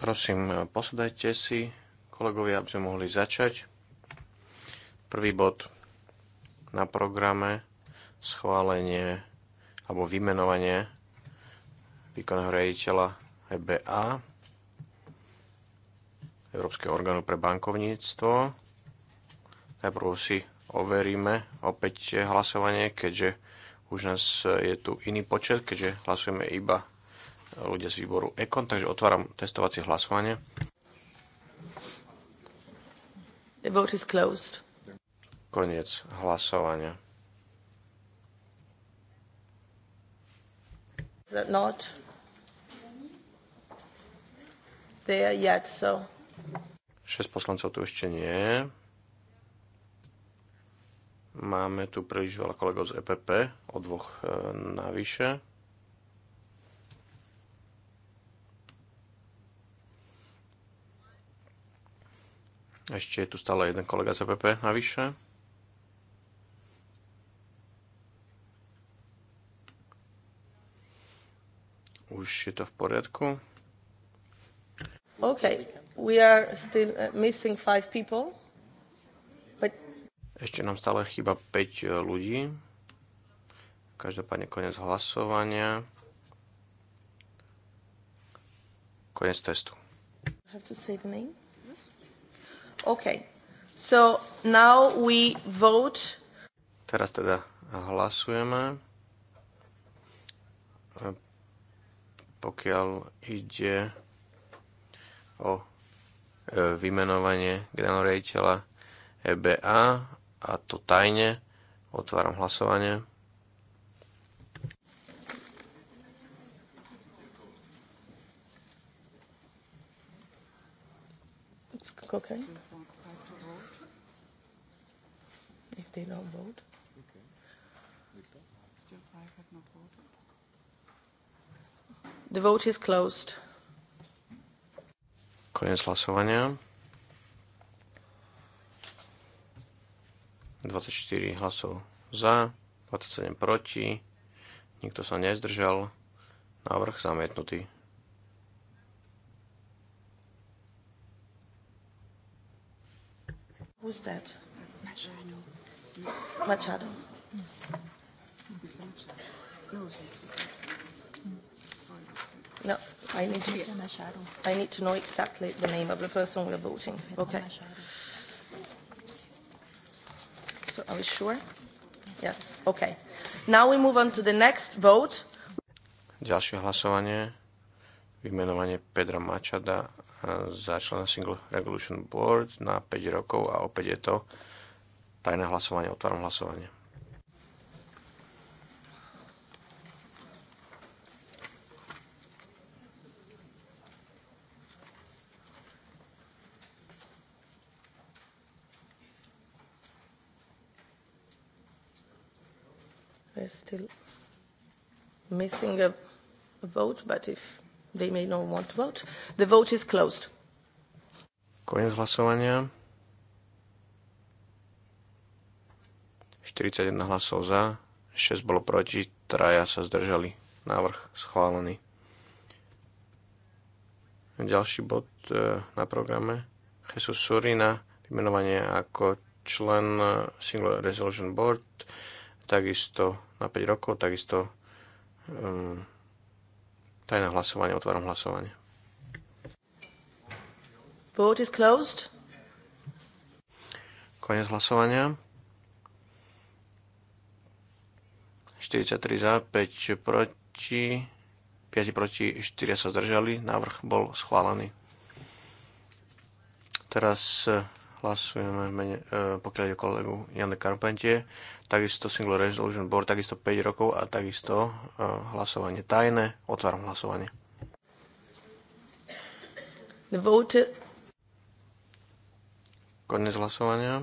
Prosím, posadajte si, kolegovia, aby sme mohli začať. Prvý bod na programe schválenie alebo vymenovanie výkonného riaditeľa EBA, Európskeho orgánu pre bankovníctvo. Najprv si overíme opäť hlasovanie, keďže už nás e, je tu iný počet, keďže hlasujeme iba e, ľudia z výboru EKON, takže otváram testovacie hlasovanie. The vote is closed. Koniec hlasovania. Is that not? There yet, so. 6 poslancov tu ešte nie je. Máme tu príliš veľa kolegov z EPP, o dvoch e, navyše. Ešte je tu stále jeden kolega z EPP navyše. Už je to v poriadku. OK, we are still uh, missing five people, but ešte nám stále chýba 5 e, ľudí. Každopádne koniec hlasovania. Koniec testu. Have to say the name? So now we vote. Teraz teda hlasujeme. E, pokiaľ ide o e, vymenovanie generálneho riaditeľa EBA a to tajne. Otváram hlasovanie. Okay. If they don't vote. The vote is closed. Koniec hlasovania. 24 hlasov za, 27 proti, nikto sa nezdržal, návrh zamietnutý. Who's that? Machado. No, I need to, I need to know exactly the name of the person we're voting. Okay. Machado. So are we sure? Yes, okay. Now we move on to the next vote. Ďalšie hlasovanie, vymenovanie Pedra Mačada e, za člena Single Regulation Board na 5 rokov a opäť je to tajné hlasovanie, otváram hlasovanie. are still missing a, a vote, but if they may not want to vote, the vote is closed. Koniec hlasovania. 41 hlasov za, 6 bolo proti, 3 sa zdržali. Návrh schválený. Ďalší bod e, na programe. Jesus Surina, vymenovanie ako člen e, Single Resolution Board, takisto na 5 rokov, takisto um, ehm, tajné hlasovanie, otváram hlasovanie. Vote is closed. Konec hlasovania. 43 za, 5 proti, 5 proti, 4 sa zdržali. Návrh bol schválený. Teraz eh, hlasujeme mene, e, pokiaľ je kolegu Jana Karpentie, takisto Single Resolution Board, takisto 5 rokov a takisto e, hlasovanie tajné. Otváram hlasovanie. The vote... Konec hlasovania.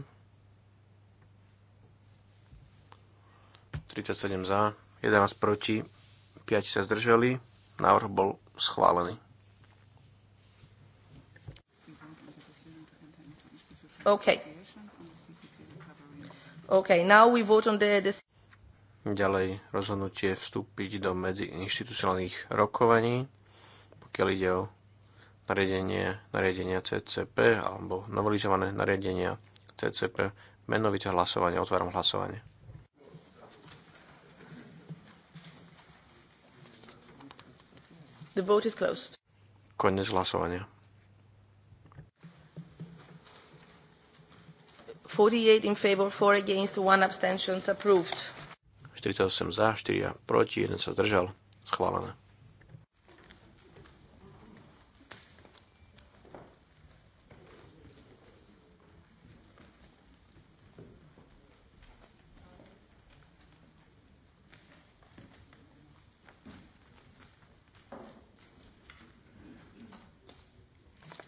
37 za, 11 proti, 5 sa zdržali. Návrh bol schválený. Okay. Okay, now we vote on the, the... Ďalej rozhodnutie vstúpiť do medziinstitucionálnych rokovaní, pokiaľ ide o nariadenie, nariadenia CCP alebo novelizované nariadenia CCP, menovite hlasovanie, otváram hlasovanie. The vote is closed. Konec hlasovania. 48 in favor, 4 against, 1 abstention approved. 48 za, 4 proti, 1 sa zdržal. Schválené.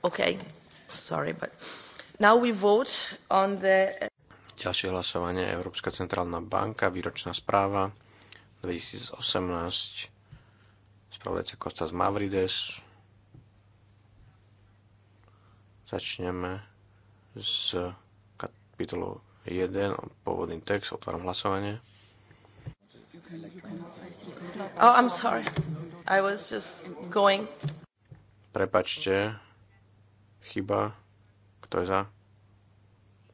Okay, sorry, but Now we vote on the... Ďalšie hlasovanie Európska centrálna banka, výročná správa 2018, spravodajca Kostas Mavrides. Začneme s kapitolu 1, pôvodný text, otváram hlasovanie. Oh, I'm sorry. I was just going. Prepačte, chyba. Kto je za?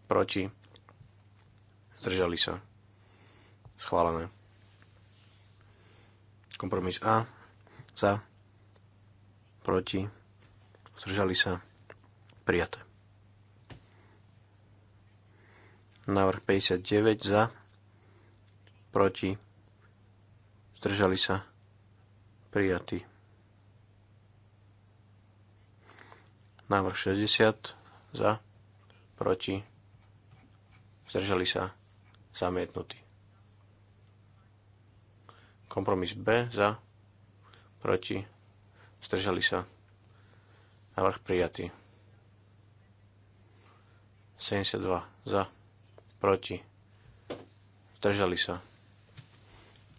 Proti? Zdržali sa. Schválené. Kompromis A. Za. Proti. Zdržali sa. Prijaté. Návrh 59 za. Proti. Zdržali sa. Prijatý. Návrh 60 za, proti, zdržali sa, zamietnutý. Kompromis B za, proti, zdržali sa, návrh prijatý. 72 za, proti, zdržali sa.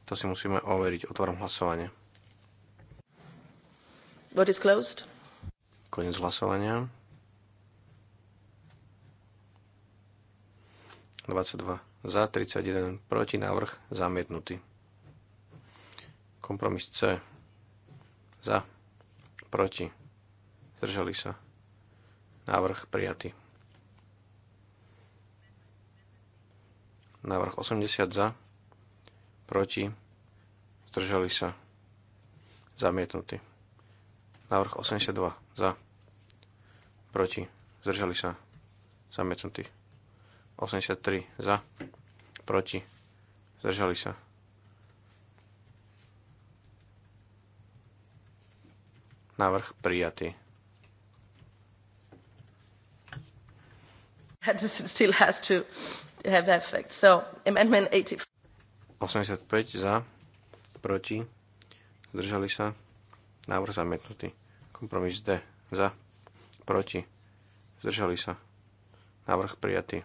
To si musíme overiť. otvorom hlasovanie. Vote is closed. Konec hlasovania. 22 za, 31 proti, návrh zamietnutý. Kompromis C. Za, proti, zdržali sa. Návrh prijatý. Návrh 80 za, proti, zdržali sa. Zamietnutý. Návrh 82 za, proti, zdržali sa. Zamietnutý. 83 za, proti, zdržali sa. Návrh prijatý. Still has to have effect. So, amendment 85. za, proti, zdržali sa. Návrh zamietnutý. Kompromis D za, proti, zdržali sa. Návrh prijatý.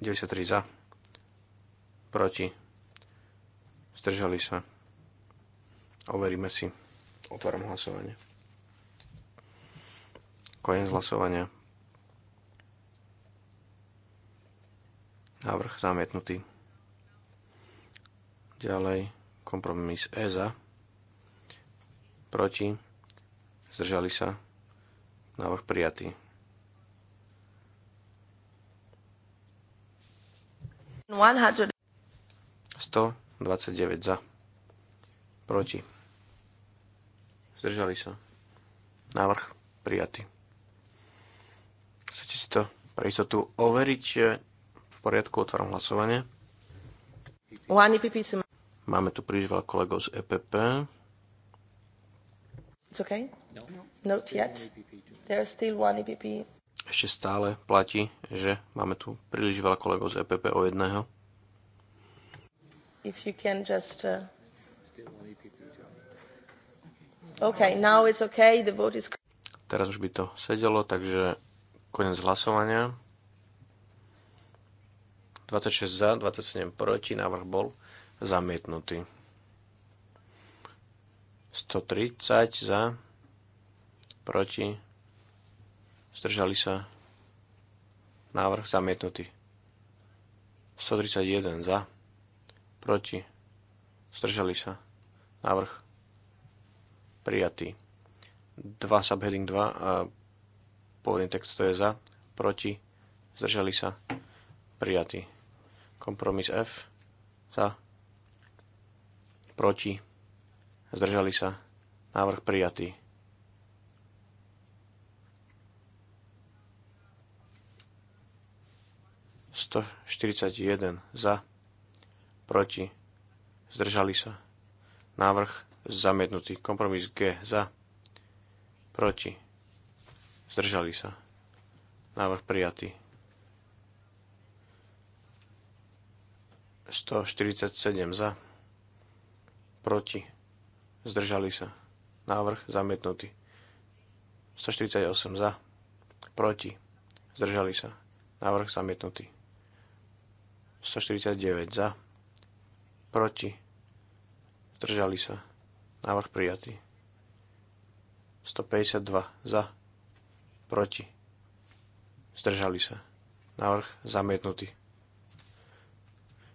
93 za. Proti. Zdržali sa. Overíme si. Otváram hlasovanie. Koniec hlasovania. Návrh zamietnutý. Ďalej kompromis E za. Proti. Zdržali sa. Návrh prijatý. 129 za. Proti. Zdržali sa. Návrh prijatý. Chcete si to pre istotu overiť? V poriadku, otváram hlasovanie. E Máme tu príliš veľa kolegov z EPP. It's okay? No. Not yet. still one EPP ešte stále platí, že máme tu príliš veľa kolegov z EPP o jedného. If you can just... Uh... Okay, now it's okay, the vote is... Teraz už by to sedelo, takže koniec hlasovania. 26 za, 27 proti, návrh bol zamietnutý. 130 za, proti, Zdržali sa. Návrh zamietnutý. 131 za. Proti. Zdržali sa. Návrh prijatý. 2 subheading 2 a pôvodný text to je za. Proti. Zdržali sa. Prijatý. Kompromis F. Za. Proti. Zdržali sa. Návrh prijatý. 141 za, proti, zdržali sa. Návrh zamietnutý. Kompromis G za, proti, zdržali sa. Návrh prijatý. 147 za, proti, zdržali sa. Návrh zamietnutý. 148 za, proti, zdržali sa. Návrh zamietnutý. 149 za, proti, zdržali sa, návrh prijatý. 152 za, proti, zdržali sa, návrh zamietnutý.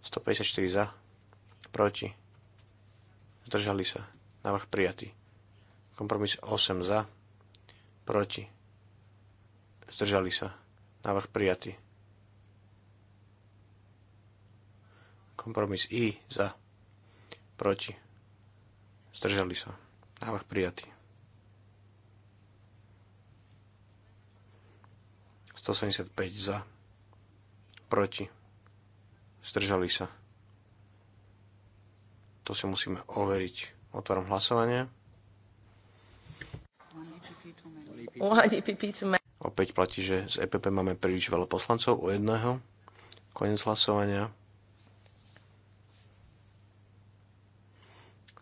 154 za, proti, zdržali sa, návrh prijatý. Kompromis 8 za, proti, zdržali sa, návrh prijatý. Kompromis I za, proti, zdržali sa. Návrh prijatý. 175 za, proti, zdržali sa. To si musíme overiť. Otváram hlasovanie. Opäť platí, že z EPP máme príliš veľa poslancov, o jedného. Konec hlasovania.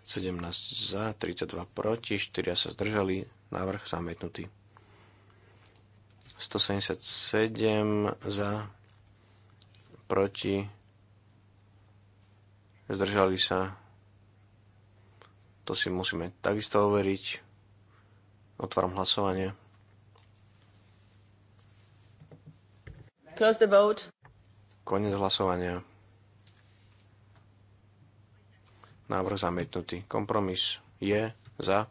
17 za, 32 proti, 4 sa zdržali, návrh zamietnutý. 177 za, proti, zdržali sa. To si musíme takisto overiť. Otváram hlasovanie. Close the vote. Konec hlasovania. Návrh zamietnutý. Kompromis je za.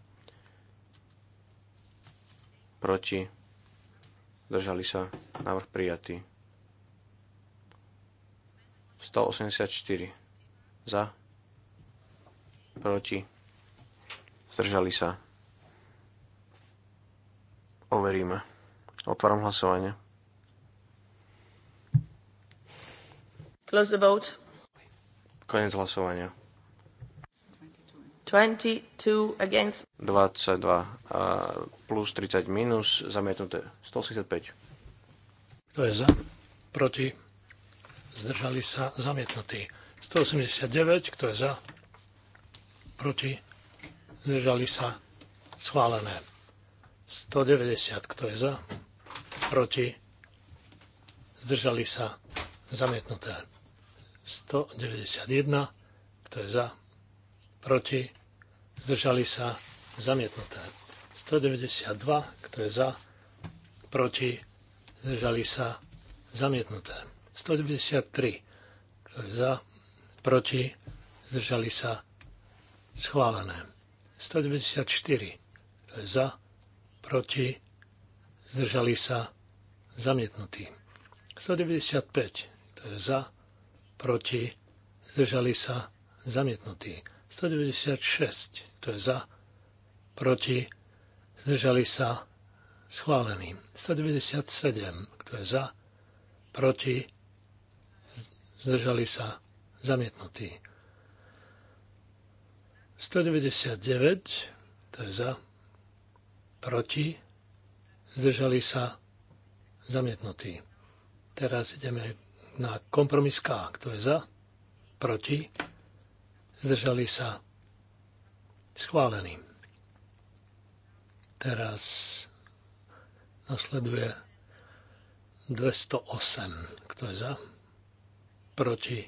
Proti. Zdržali sa. Návrh prijatý. 184. Za. Proti. Zdržali sa. Overíme. Otváram hlasovanie. Close the vote. Konec hlasovania. 22 against. 22 plus 30 minus, zamietnuté 185. To je za? Proti? Zdržali sa zamietnutí. 189, kto je za? Proti? Zdržali sa schválené. 190, kto je za? Proti? Zdržali sa zamietnuté. 191, kto je za? Proti? zdržali sa zamietnuté. 192, kto je za, proti, zdržali sa zamietnuté. 193, kto je za, proti, zdržali sa schválené. 194, kto je za, proti, zdržali sa zamietnutí. 195, kto je za, proti, zdržali sa zamietnutí. 196, to je za, proti, zdržali sa, schválený. 197, kto je za, proti, zdržali sa, zamietnutý. 199, to je za, proti, zdržali sa, zamietnutý. Teraz ideme na kompromis K, kto je za, proti, zdržali sa, Schválený. Teraz nasleduje 208. Kto je za? Proti.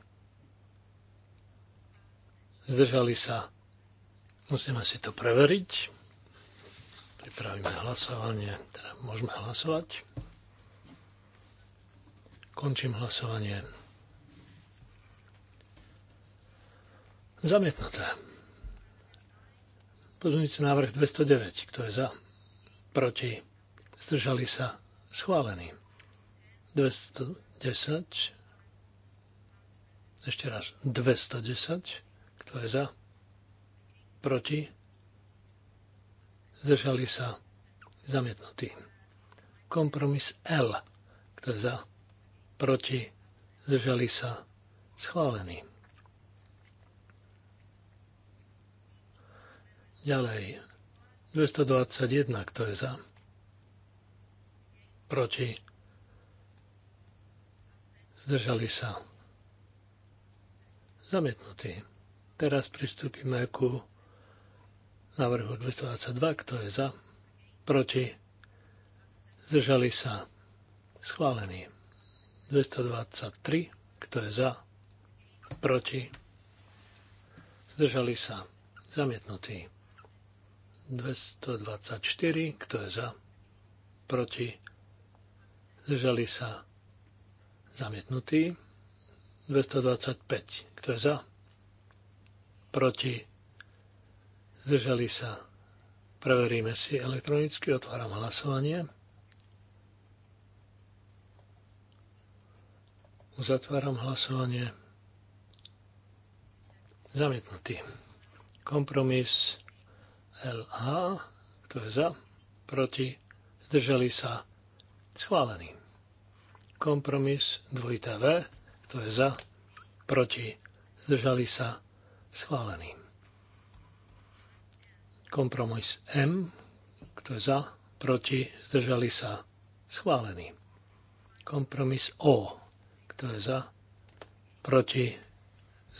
Zdržali sa. Musíme si to preveriť. Pripravíme hlasovanie. Teda môžeme hlasovať. Končím hlasovanie. Zamietnuté. Pozmeňujúci návrh 209. Kto je za? Proti? Zdržali sa? Schválený. 210. Ešte raz. 210. Kto je za? Proti? Zdržali sa? Zamietnutý. Kompromis L. Kto je za? Proti? Zdržali sa? Schválený. Ďalej. 221, kto je za? Proti? Zdržali sa. Zamietnutý. Teraz pristúpime ku návrhu 222, kto je za? Proti? Zdržali sa. Schválený. 223. Kto je za? Proti? Zdržali sa. Zamietnutí. 224, kto je za, proti, zdržali sa zamietnutí. 225, kto je za, proti, zdržali sa. Preveríme si elektronicky, otváram hlasovanie. Uzatváram hlasovanie. Zamietnutý. Kompromis LA, kto je za, proti, zdržali sa, schválený. Kompromis dvojité V, kto je za, proti, zdržali sa, schválený. Kompromis M, kto je za, proti, zdržali sa, schválený. Kompromis O, kto je za, proti,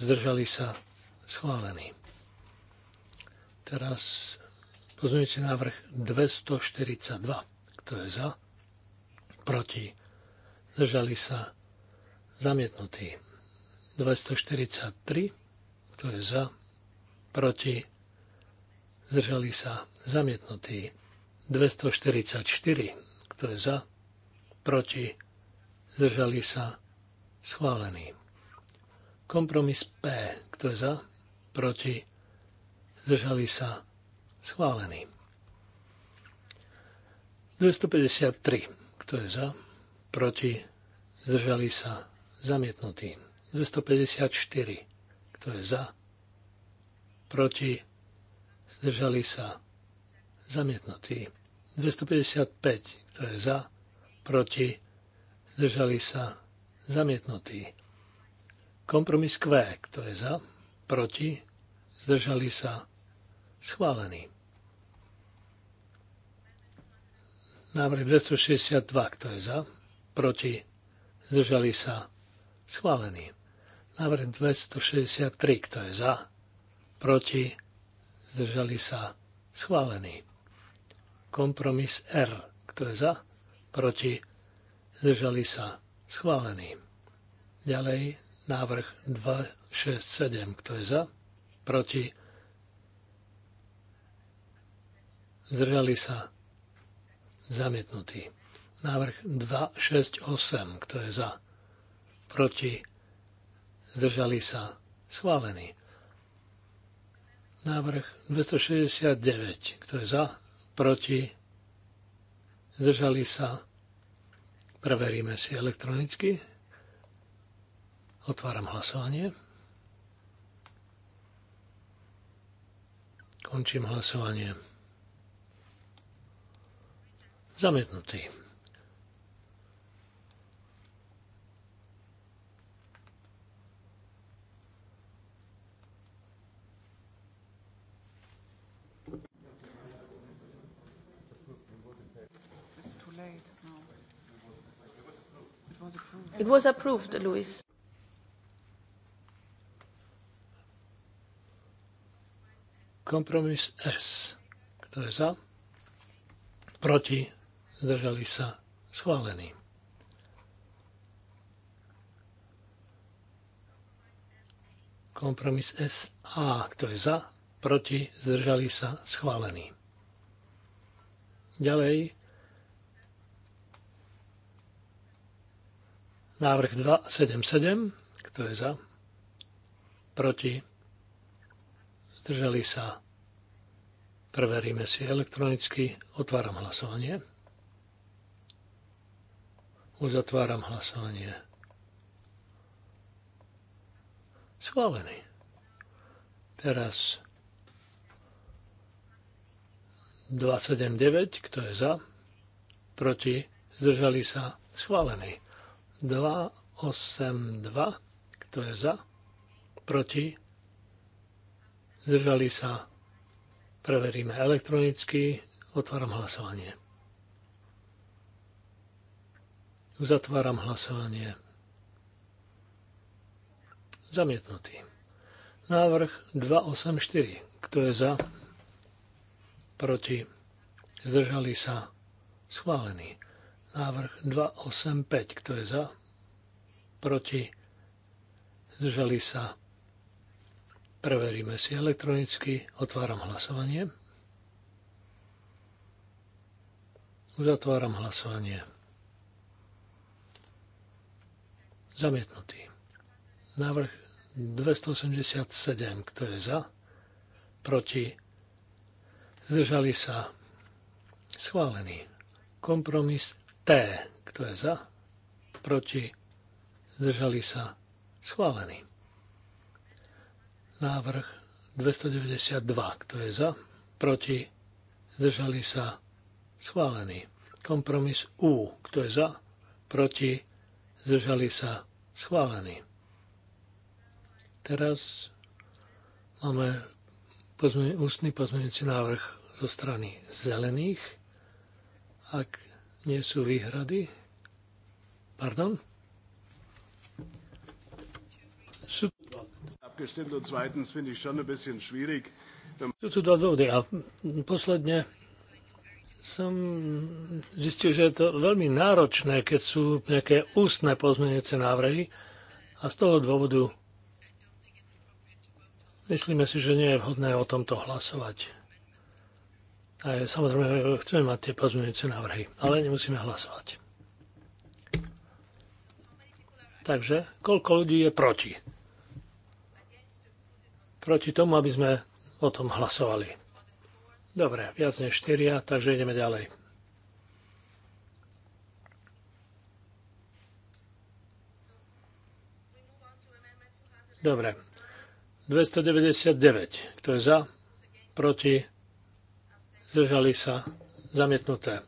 zdržali sa, schválený. Teraz pozmeňujúci návrh 242. Kto je za? Proti. Zdržali sa zamietnutí. 243. Kto je za? Proti. Zdržali sa zamietnutí. 244. Kto je za? Proti. Zdržali sa schválený. Kompromis P. Kto je za? Proti zdržali sa, schválený. 253, kto je za, proti, zdržali sa, zamietnutí. 254, kto je za, proti, zdržali sa, zamietnutí, 255, kto je za, proti, zdržali sa, zamietnutí. Kompromis Q, kto je za, proti, zdržali sa, Schválený. Návrh 262, kto je za? Proti? Zdržali sa? Schválený. Návrh 263, kto je za? Proti? Zdržali sa? Schválený. Kompromis R, kto je za? Proti? Zdržali sa? Schválený. Ďalej návrh 267, kto je za? Proti? zdržali sa, zamietnutý. Návrh 268, kto je za, proti, zdržali sa, schválený. Návrh 269, kto je za, proti, zdržali sa, preveríme si elektronicky. Otváram hlasovanie. Končím hlasovanie. Zamietnutý. It was approved, Luis. Kompromis S. Kto je za? Proti? zdržali sa, schválený. Kompromis SA, kto je za, proti, zdržali sa, schválený. Ďalej, návrh 277, kto je za, proti, zdržali sa, preveríme si elektronicky, otváram hlasovanie. Uzatváram hlasovanie. Schválený. Teraz 279, kto je za, proti, zdržali sa, schválený. 282, kto je za, proti, zdržali sa, preveríme elektronicky, otváram hlasovanie. Uzatváram hlasovanie. Zamietnutý. Návrh 284. Kto je za? Proti? Zdržali sa? Schválený. Návrh 285. Kto je za? Proti? Zdržali sa? Preveríme si elektronicky. Otváram hlasovanie. Uzatváram hlasovanie. Zamietnutý. Návrh 287. Kto je za? Proti? Zdržali sa? Schválený. Kompromis T. Kto je za? Proti? Zdržali sa? Schválený. Návrh 292. Kto je za? Proti? Zdržali sa? Schválený. Kompromis U. Kto je za? Proti? zdržali sa schválení. Teraz máme pozmeň, ústny pozmeňujúci návrh zo strany zelených. Ak nie sú výhrady, pardon, sú sú tu dva dôvody a posledne som zistil, že je to veľmi náročné, keď sú nejaké ústne pozmeňujúce návrhy a z toho dôvodu myslíme si, že nie je vhodné o tomto hlasovať. A samozrejme, chceme mať tie pozmeňujúce návrhy, ale nemusíme hlasovať. Takže, koľko ľudí je proti? Proti tomu, aby sme o tom hlasovali. Dobre, viac než 4, takže ideme ďalej. Dobre. 299. Kto je za? Proti? Zdržali sa? Zamietnuté.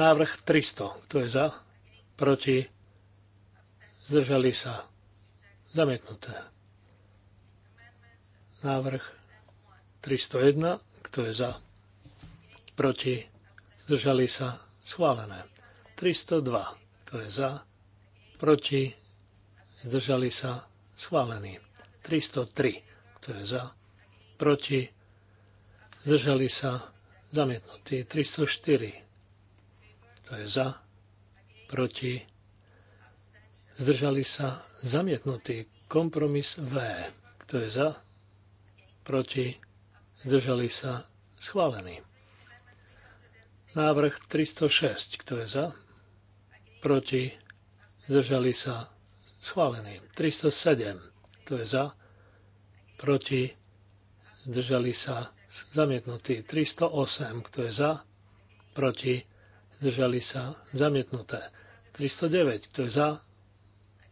Návrh 300. Kto je za? Proti? Zdržali sa? Zamietnuté. Návrh 301. Kto je za? proti, zdržali sa, schválené. 302, to je za, proti, zdržali sa, schválený. 303, to je za, proti, zdržali sa, zamietnutý. 304, to je za, proti, zdržali sa, zamietnutý. Kompromis V, kto je za, proti, zdržali sa, schválený. Návrh 306. Kto je za? Proti? Zdržali sa? Schválený. 307. Kto je za? Proti? Zdržali sa? Zamietnutý. 308. Kto je za? Proti? Zdržali sa? Zamietnuté. 309. Kto je za?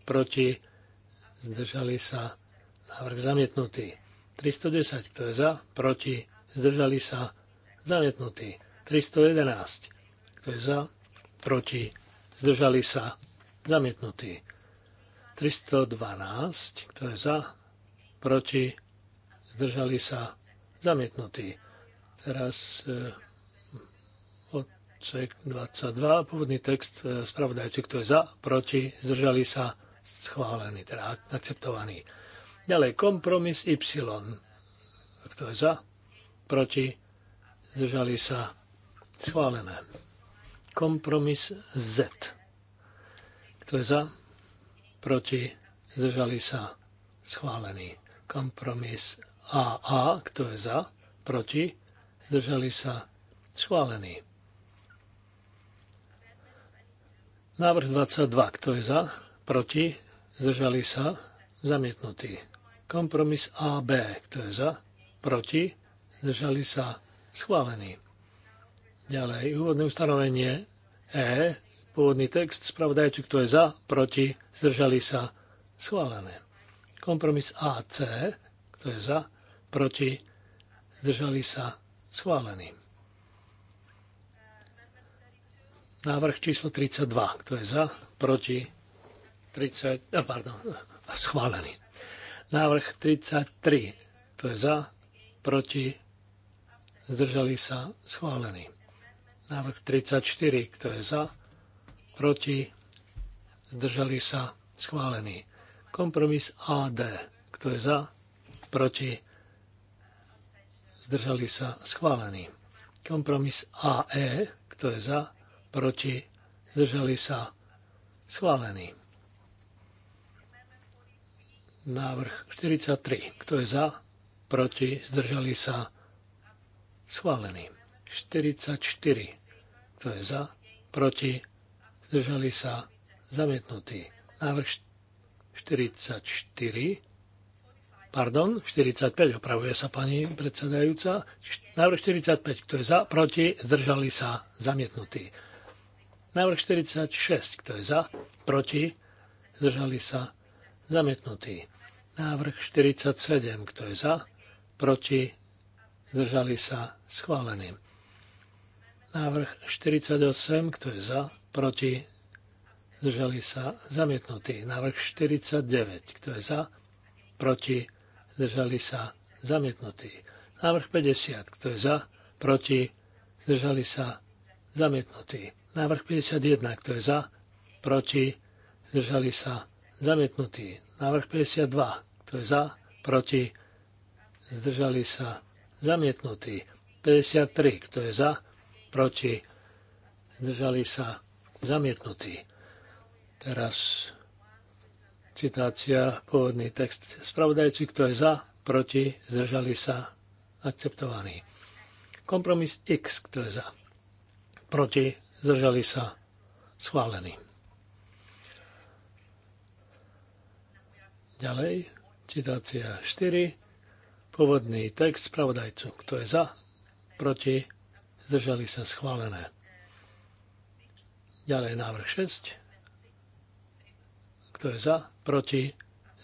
Proti? Zdržali sa? Návrh zamietnutý. 310. Kto je za? Proti? Zdržali sa? Zamietnutý. 311. Kto je za? Proti? Zdržali sa? Zamietnutý. 312. Kto je za? Proti? Zdržali sa? Zamietnutý. Teraz e, odsek 22. Pôvodný text e, Kto je za? Proti? Zdržali sa? Schválený, teda akceptovaný. Ďalej kompromis Y. Kto je za? Proti? Zdržali sa? Schválené. Kompromis Z. Kto je za? Proti? Zdržali sa? Schválený. Kompromis AA. Kto je za? Proti? Zdržali sa? Schválený. Návrh 22. Kto je za? Proti? Zdržali sa? Zamietnutý. Kompromis AB. Kto je za? Proti? Zdržali sa? Schválený. Ďalej, úvodné ustanovenie E, pôvodný text, spravodajcu, kto je za, proti, zdržali sa, schválené. Kompromis AC, kto je za, proti, zdržali sa, schválený. Návrh číslo 32, kto je za, proti, 30, a pardon, schválený. Návrh 33, kto je za, proti, zdržali sa, schválený. Návrh 34, kto je za, proti, zdržali sa, schválený. Kompromis AD, kto je za, proti, zdržali sa, schválený. Kompromis AE, kto je za, proti, zdržali sa, schválený. Návrh 43, kto je za, proti, zdržali sa, schválený. 44, kto je za? Proti? Zdržali sa? zamietnutí, Návrh 44. Pardon, 45, opravuje sa pani predsedajúca. Návrh 45, kto je za, proti, zdržali sa, zamietnutí. Návrh 46, kto je za, proti, zdržali sa, zamietnutý. Návrh 47, kto je za, proti, zdržali sa, schválený. Návrh 48, kto je za, proti, zdržali sa, zamietnutý. Návrh 49, kto je za, proti, zdržali sa, zamietnutý. Návrh 50, kto je za, proti, zdržali sa, zamietnutý. Návrh 51, kto je za, proti, zdržali sa, zamietnutý. Návrh 52, kto je za, proti, zdržali sa, zamietnutý. 53, kto je za, proti, zdržali sa zamietnutí. Teraz citácia, pôvodný text spravodajci, kto je za, proti, zdržali sa, akceptovaní. Kompromis X, kto je za, proti, zdržali sa, schválený. Ďalej, citácia 4, pôvodný text spravodajcu, kto je za, proti, zdržali sa schválené. Ďalej návrh 6. Kto je za, proti,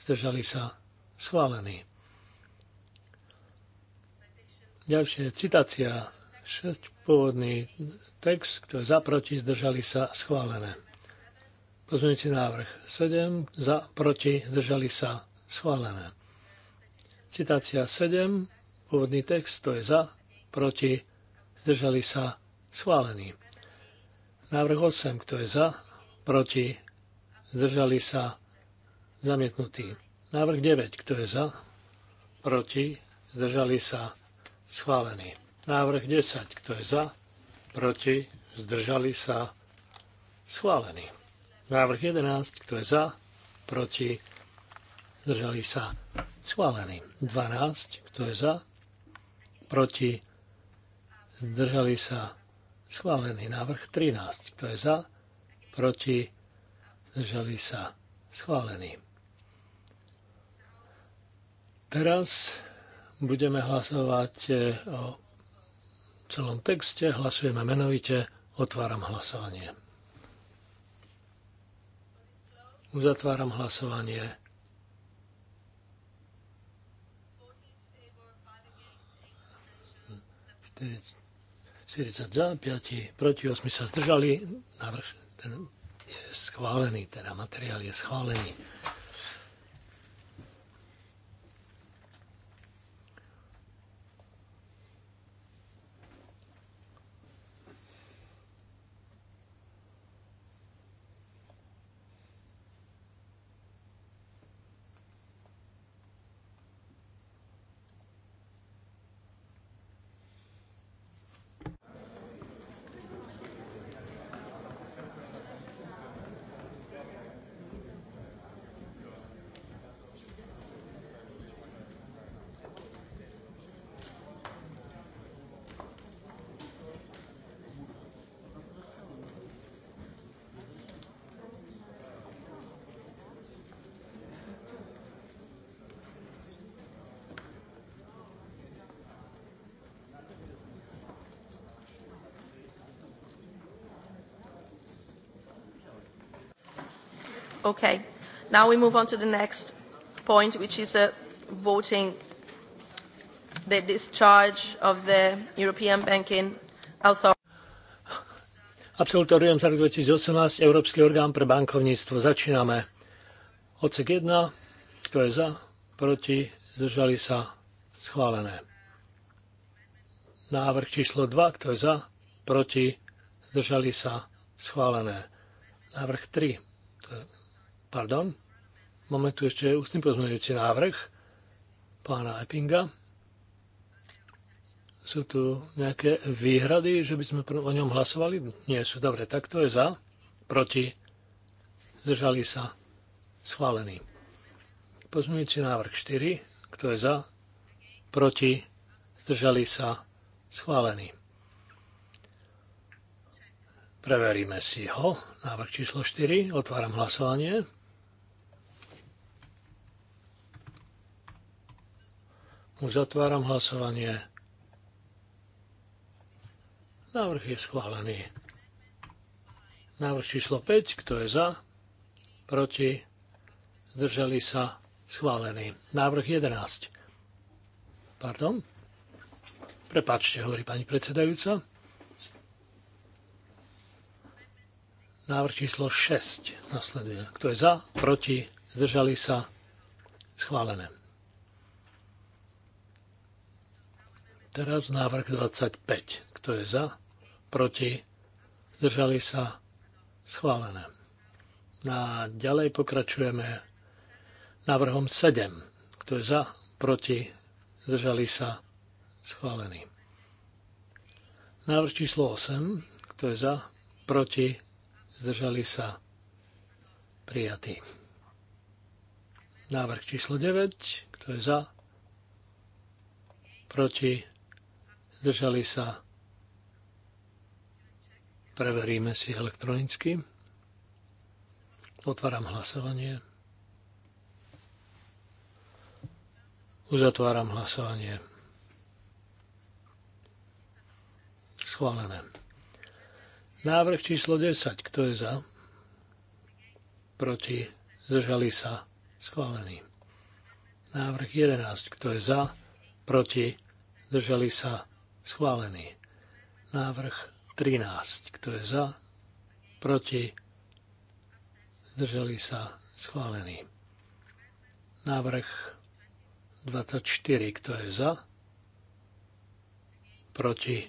zdržali sa schválený. Ďalšie citácia 6. Pôvodný text, kto je za, proti, zdržali sa schválené. Pozmeňujúci návrh 7. Za, proti, zdržali sa schválené. Citácia 7. Pôvodný text, to je za, proti, zdržali sa, schválení. Návrh 8, kto je za, proti, zdržali sa, zamietnutí. Návrh 9, kto je za, proti, zdržali sa, schválení. Návrh 10, kto je za, proti, zdržali sa, schválený. Návrh 11, kto je za, proti, zdržali sa, schválení. 12, kto je za, proti, zdržali sa schválený návrh 13. Kto je za, proti, zdržali sa schválený. Teraz budeme hlasovať e, o celom texte. Hlasujeme menovite. Otváram hlasovanie. Uzatváram hlasovanie. 40 za, 5 proti, 8 sa zdržali. Návrh ten je schválený, teda materiál je schválený. Okay. Now we move on to the next point, which is a uh, voting the discharge of the European Banking Authority. Absolutorium za rok 2018, Európsky orgán pre bankovníctvo. Začíname. Ocek 1, kto je za, proti, zdržali sa, schválené. Návrh číslo 2, kto je za, proti, zdržali sa, schválené. Návrh 3, Pardon. Máme tu ešte ústny pozmeňujúci návrh pána Eppinga. Sú tu nejaké výhrady, že by sme o ňom hlasovali? Nie sú. Dobre, tak to je za. Proti. Zdržali sa. Schválený. Pozmeňujúci návrh 4. Kto je za? Proti. Zdržali sa. Schválený. Preveríme si ho. Návrh číslo 4. Otváram hlasovanie. Uzatváram hlasovanie. Návrh je schválený. Návrh číslo 5, kto je za, proti, zdržali sa, schválený. Návrh 11. Pardon? Prepačte, hovorí pani predsedajúca. Návrh číslo 6 nasleduje. Kto je za, proti, zdržali sa, schválené. Teraz návrh 25. Kto je za? Proti? Zdržali sa? Schválené. A ďalej pokračujeme návrhom 7. Kto je za? Proti? Zdržali sa? Schválený. Návrh číslo 8. Kto je za? Proti? Zdržali sa? Prijatý. Návrh číslo 9. Kto je za? Proti? Zdržali sa. Preveríme si elektronicky. Otváram hlasovanie. Uzatváram hlasovanie. Schválené. Návrh číslo 10. Kto je za? Proti? Zdržali sa? Schválený. Návrh 11. Kto je za? Proti? Zdržali sa? Schválený. Návrh 13. Kto je za? Proti? Zdržali sa? Schválený. Návrh 24. Kto je za? Proti?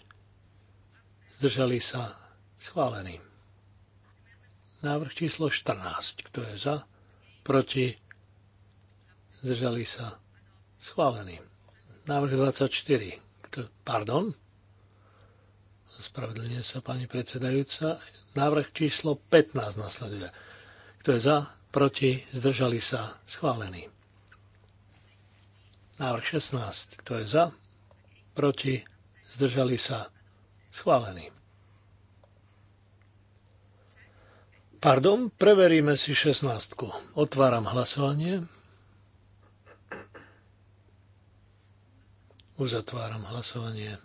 Zdržali sa? Schválený. Návrh číslo 14. Kto je za? Proti? Zdržali sa? Schválený. Návrh 24 pardon, spravedlňuje sa pani predsedajúca, návrh číslo 15 nasleduje. Kto je za, proti, zdržali sa, schválený. Návrh 16. Kto je za, proti, zdržali sa, schválený. Pardon, preveríme si 16. Otváram hlasovanie. Uzatváram hlasovanie.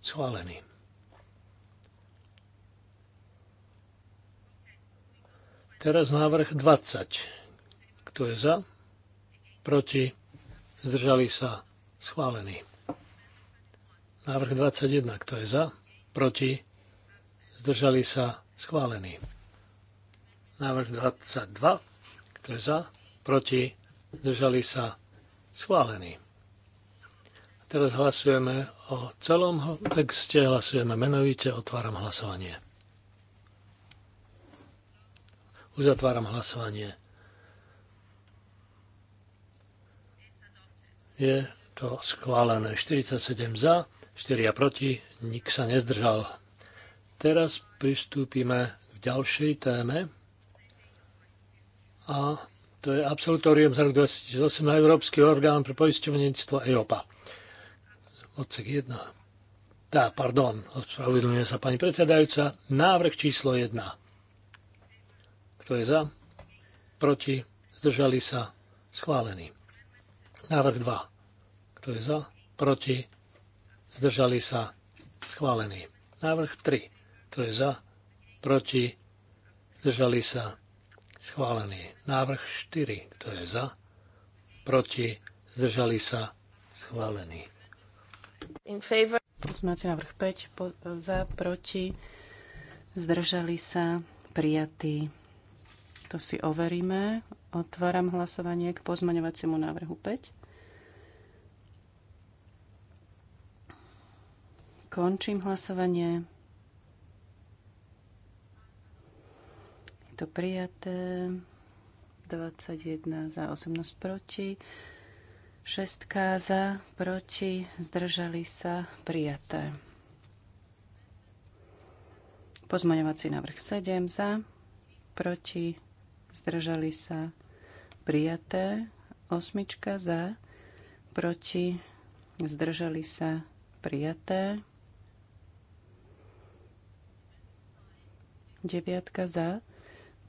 Schválený. Teraz návrh 20. Kto je za? Proti? Zdržali sa? Schválený. Návrh 21. Kto je za? Proti? Zdržali sa? Schválený. Návrh 22. Kto je za? Proti? Držali sa schválení. Teraz hlasujeme o celom texte, hlasujeme menovite, otváram hlasovanie. Uzatváram hlasovanie. Je to schválené 47 za, 4 proti, nik sa nezdržal. Teraz pristúpime k ďalšej téme a to je absolutórium za rok 2008 na Európsky orgán pre poisťovníctvo EOPA. Odsek 1. Tá, pardon, ospravedlňuje sa pani predsedajúca. Návrh číslo 1. Kto je za? Proti? Zdržali sa? Schválený. Návrh 2. Kto je za? Proti? Zdržali sa? Schválený. Návrh 3. Kto je za? Proti? Zdržali sa? schválený. Návrh 4, kto je za, proti, zdržali sa, schválený. In favor. Pozmeňovací návrh 5, po, za, proti, zdržali sa, prijatý. To si overíme. Otváram hlasovanie k pozmeňovaciemu návrhu 5. Končím hlasovanie. to prijaté. 21 za, 18 proti. 6 za, proti, zdržali sa, prijaté. Pozmoňovací návrh 7 za, proti, zdržali sa, prijaté. Osmička za, proti, zdržali sa, prijaté. Deviatka za,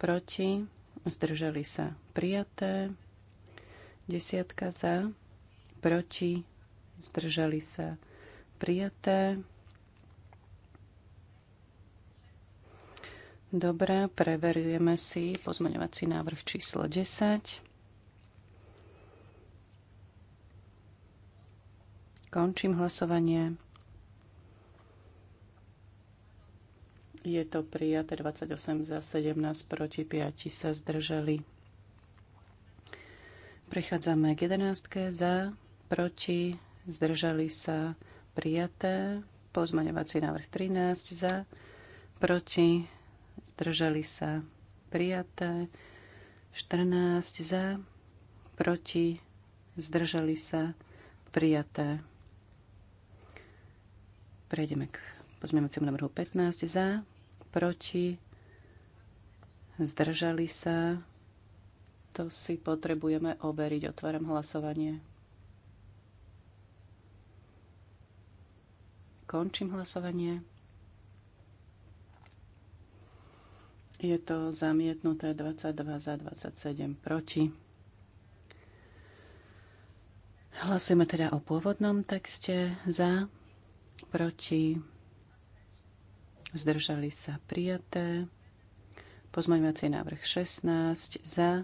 proti, zdržali sa prijaté. Desiatka za, proti, zdržali sa prijaté. Dobre, preverujeme si pozmeňovací návrh číslo 10. Končím hlasovanie. Je to prijaté 28 za 17 proti 5 sa zdržali. Prechádzame k 11. za, proti, zdržali sa prijaté. Pozmaňovací návrh 13 za, proti, zdržali sa prijaté. 14 za, proti, zdržali sa prijaté. Prejdeme k pozmeňovaciemu návrhu 15 za, proti, zdržali sa. To si potrebujeme overiť. Otváram hlasovanie. Končím hlasovanie. Je to zamietnuté 22 za 27 proti. Hlasujeme teda o pôvodnom texte za, proti, zdržali sa prijaté. Pozmaňovací návrh 16 za,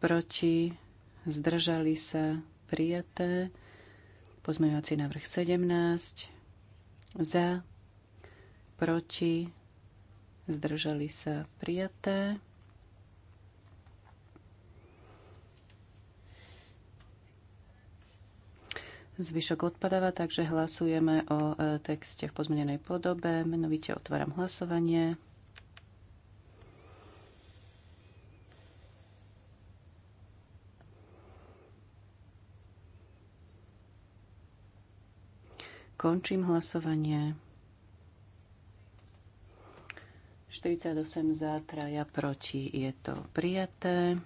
proti, zdržali sa prijaté. Pozmaňovací návrh 17 za, proti, zdržali sa prijaté. Zvyšok odpadáva, takže hlasujeme o e, texte v pozmenenej podobe. Menovite otváram hlasovanie. Končím hlasovanie. 48 za, traja proti. Je to prijaté.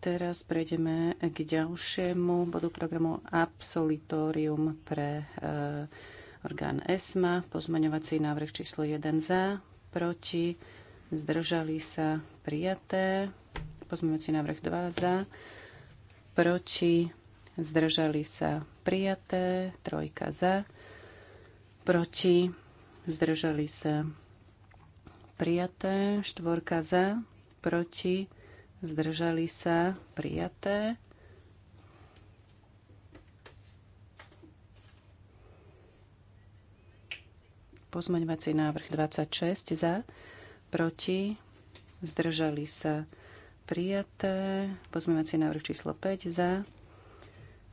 Teraz prejdeme k ďalšiemu bodu programu Absolitorium pre e, orgán ESMA. Pozmaňovací návrh číslo 1 za, proti, zdržali sa prijaté. Pozmaňovací návrh 2 za, proti, zdržali sa prijaté. Trojka za, proti, zdržali sa prijaté. Štvorka za, proti, zdržali sa, prijaté. Pozmaňovací návrh 26 za, proti, zdržali sa, prijaté. Pozmaňovací návrh číslo 5 za,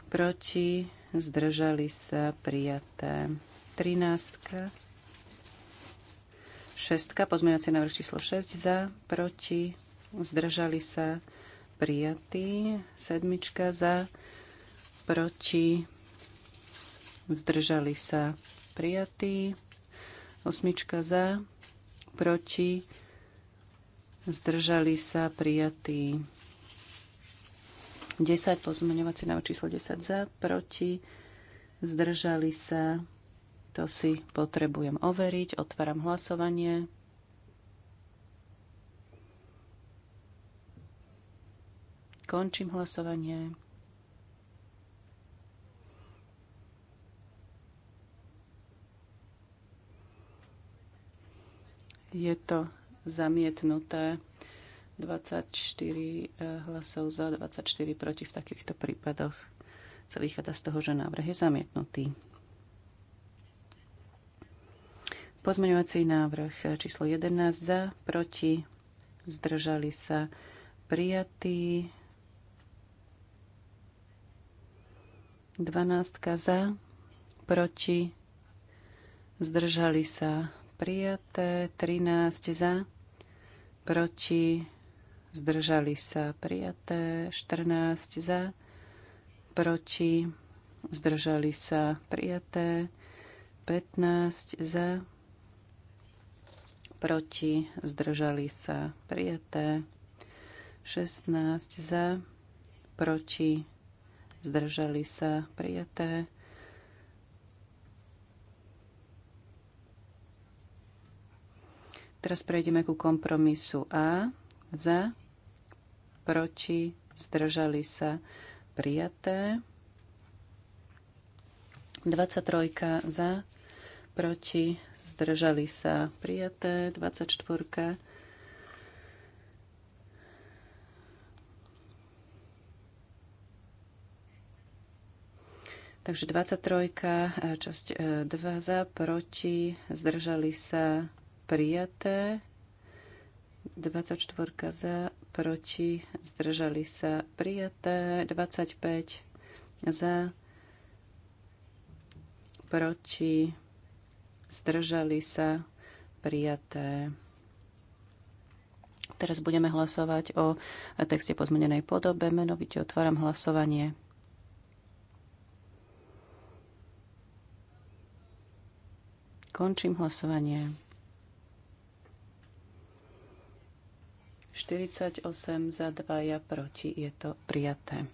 proti, zdržali sa, prijaté. 13. 6. Pozmeňovací návrh číslo 6 za, proti, zdržali sa prijatí, sedmička za, proti, zdržali sa prijatí, osmička za, proti, zdržali sa prijatí. 10 pozmeňovací návrh číslo 10 za, proti, zdržali sa, to si potrebujem overiť, otváram hlasovanie. Končím hlasovanie. Je to zamietnuté. 24 eh, hlasov za, 24 proti v takýchto prípadoch sa vychádza z toho, že návrh je zamietnutý. Pozmeňovací návrh eh, číslo 11 za, proti, zdržali sa prijatí. Dvanástka za, proti, zdržali sa prijaté. 13 za, proti, zdržali sa prijaté. 14 za, proti, zdržali sa prijaté. 15 za, proti, zdržali sa prijaté. 16 za, proti, zdržali sa prijaté. Teraz prejdeme ku kompromisu A. Za, proti, zdržali sa prijaté. 23 za, proti, zdržali sa prijaté. 24 Takže 23. E, časť 2 e, za, proti, zdržali sa prijaté. 24. za, proti, zdržali sa prijaté. 25 za, proti, zdržali sa prijaté. Teraz budeme hlasovať o texte pozmenenej podobe. Menovite otváram hlasovanie. Končím hlasovanie. 48 za 2 ja proti je to prijaté.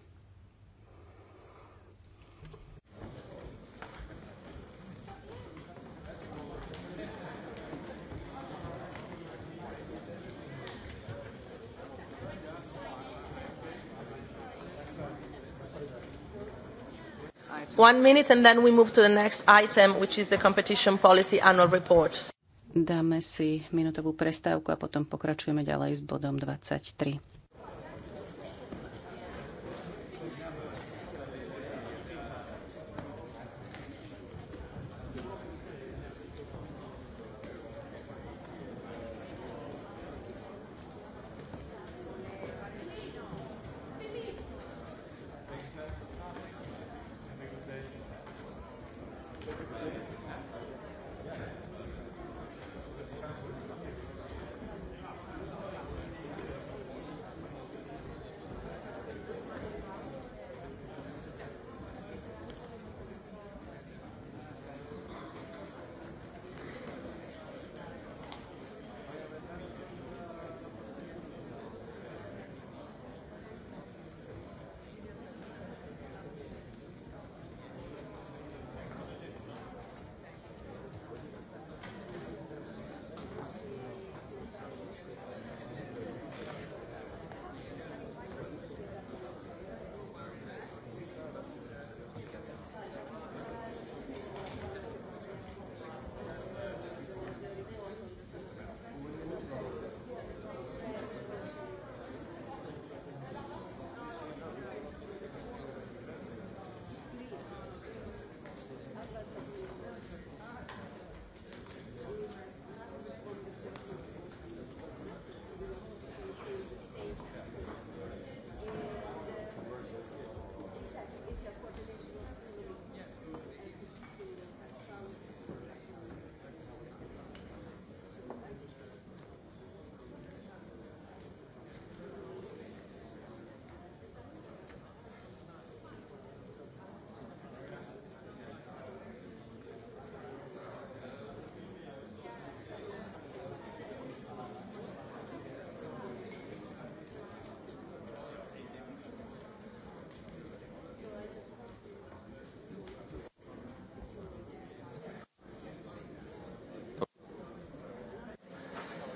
One minute and then we move to the next item, which is the competition policy annual report. Dáme si minútovú prestávku a potom pokračujeme ďalej s bodom 23.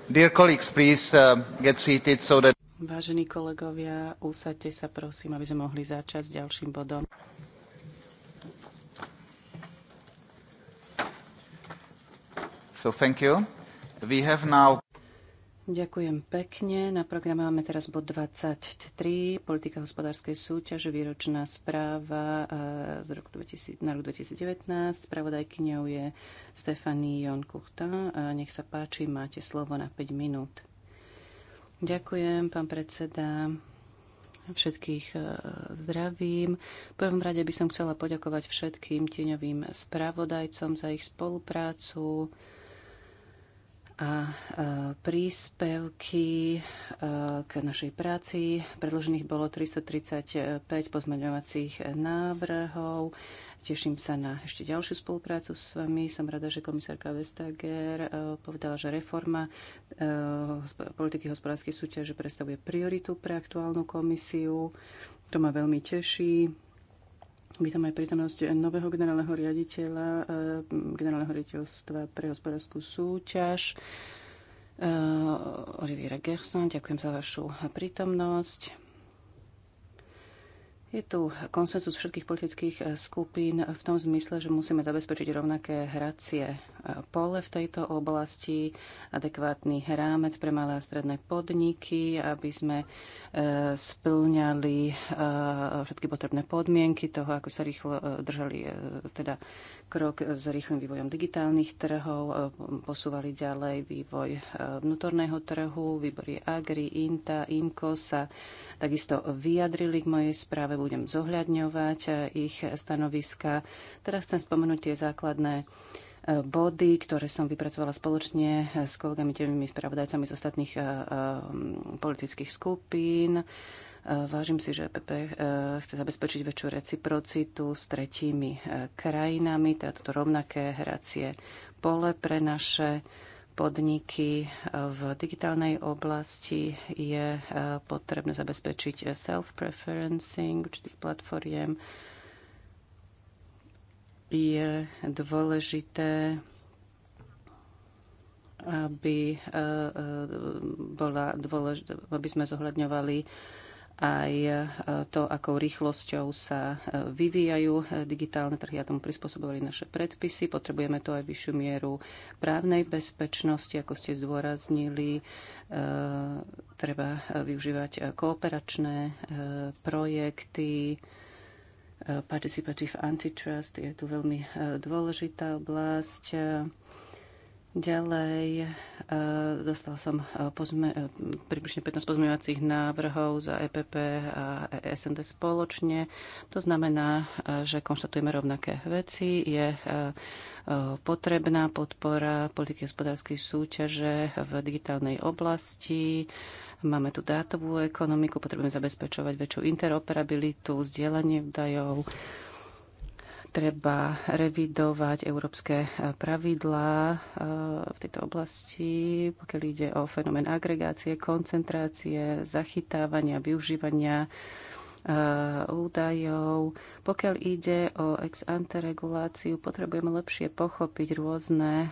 Dear colleagues, please uh, get seated so that... Vážení kolegovia, usadte sa prosím, aby sme mohli začať s ďalším bodom. So thank you. We have now... Ďakujem pekne. Na programe máme teraz bod 23, politika hospodárskej súťaže, výročná správa eh, z roku 2000, na rok 2019. Spravodajkyňou je Stefanie Jon Kuchta. Eh, nech sa páči, máte slovo na 5 minút. Ďakujem, pán predseda. Všetkých eh, zdravím. V prvom rade by som chcela poďakovať všetkým tieňovým spravodajcom za ich spoluprácu a e, príspevky e, k našej práci. Predložených bolo 335 pozmeňovacích návrhov. Teším sa na ešte ďalšiu spoluprácu s vami. Som rada, že komisárka Vestager e, povedala, že reforma politiky hospodárskej súťaže predstavuje prioritu pre aktuálnu komisiu. To ma veľmi teší. Vítam aj prítomnosť nového generálneho riaditeľa, eh, generálneho riaditeľstva pre hospodárskú súťaž, eh, Olivier Gerson. Ďakujem za vašu prítomnosť. Je tu konsensus všetkých politických eh, skupín v tom zmysle, že musíme zabezpečiť rovnaké hracie pole v tejto oblasti, adekvátny rámec pre malé a stredné podniky, aby sme e, splňali e, všetky potrebné podmienky toho, ako sa rýchlo e, držali teda krok s rýchlym vývojom digitálnych trhov, posúvali ďalej vývoj vnútorného trhu, výbory Agri, INTA, IMCO sa takisto vyjadrili k mojej správe, budem zohľadňovať ich stanoviska. Teraz chcem spomenúť tie základné body, ktoré som vypracovala spoločne s kolegami, tými spravodajcami z ostatných eh, eh, politických skupín. Eh, vážim si, že EPP chce zabezpečiť väčšiu reciprocitu s tretími krajinami, teda toto rovnaké hracie pole pre naše podniky v digitálnej oblasti je potrebné zabezpečiť self-preferencing určitých platformiem, je dôležité, aby, e, e, bola dôlež- aby sme zohľadňovali aj e, to, akou rýchlosťou sa vyvíjajú digitálne trhy a tomu prispôsobovali naše predpisy. Potrebujeme tu aj vyššiu mieru právnej bezpečnosti, ako ste zdôraznili. treba využívať kooperačné projekty, Participative Antitrust je tu veľmi e, dôležitá oblasť. Ďalej e, dostal som e, pozme, e, približne 15 pozmeňovacích návrhov za EPP a SND spoločne. To znamená, že konštatujeme rovnaké veci. Je potrebná podpora politiky hospodárskej súťaže v digitálnej oblasti. Máme tu dátovú ekonomiku, potrebujeme zabezpečovať väčšiu interoperabilitu, zdieľanie údajov Treba revidovať európske e, pravidlá e, v tejto oblasti, pokiaľ ide o fenomén agregácie, koncentrácie, zachytávania, využívania Eh, údajov. Pokiaľ ide o ex ante reguláciu, potrebujeme lepšie pochopiť rôzne eh,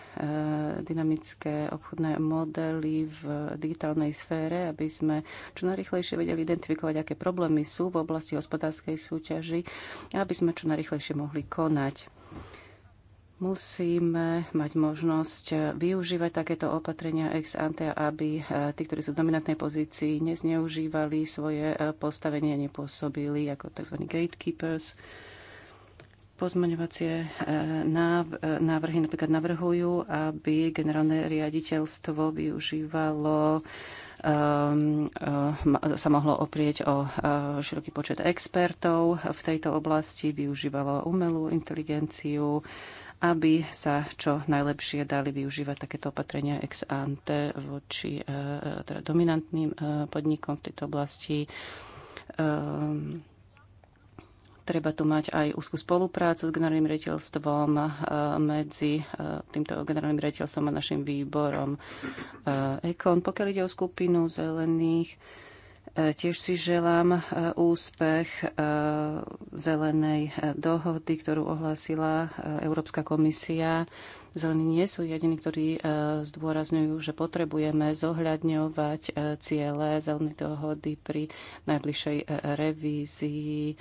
dynamické obchodné modely v digitálnej sfére, aby sme čo najrychlejšie vedeli identifikovať, aké problémy sú v oblasti hospodárskej súťaži a aby sme čo najrychlejšie mohli konať. Musíme mať možnosť využívať takéto opatrenia ex ante, aby eh, tí, ktorí sú v dominantnej pozícii, nezneužívali svoje eh, postavenie, nepôsobili ako tzv. gatekeepers. Pozmaňovacie eh, návrhy napríklad navrhujú, aby generálne riaditeľstvo využívalo ehm, sa mohlo oprieť o široký počet expertov v tejto oblasti, využívalo umelú inteligenciu, aby sa čo najlepšie dali využívať takéto opatrenia ex ante voči e, e, teda dominantným e, podnikom v tejto oblasti. Ehm, treba tu mať aj úzkú spoluprácu s generálnym riaditeľstvom medzi týmto generálnym riaditeľstvom a našim výborom EKON. Pokiaľ ide o skupinu zelených, E, tiež si želám e, úspech e, zelenej dohody, ktorú ohlásila Európska komisia. Zelení nie sú jediní, ktorí zdôrazňujú, že potrebujeme zohľadňovať ciele zelenej dohody pri najbližšej revízii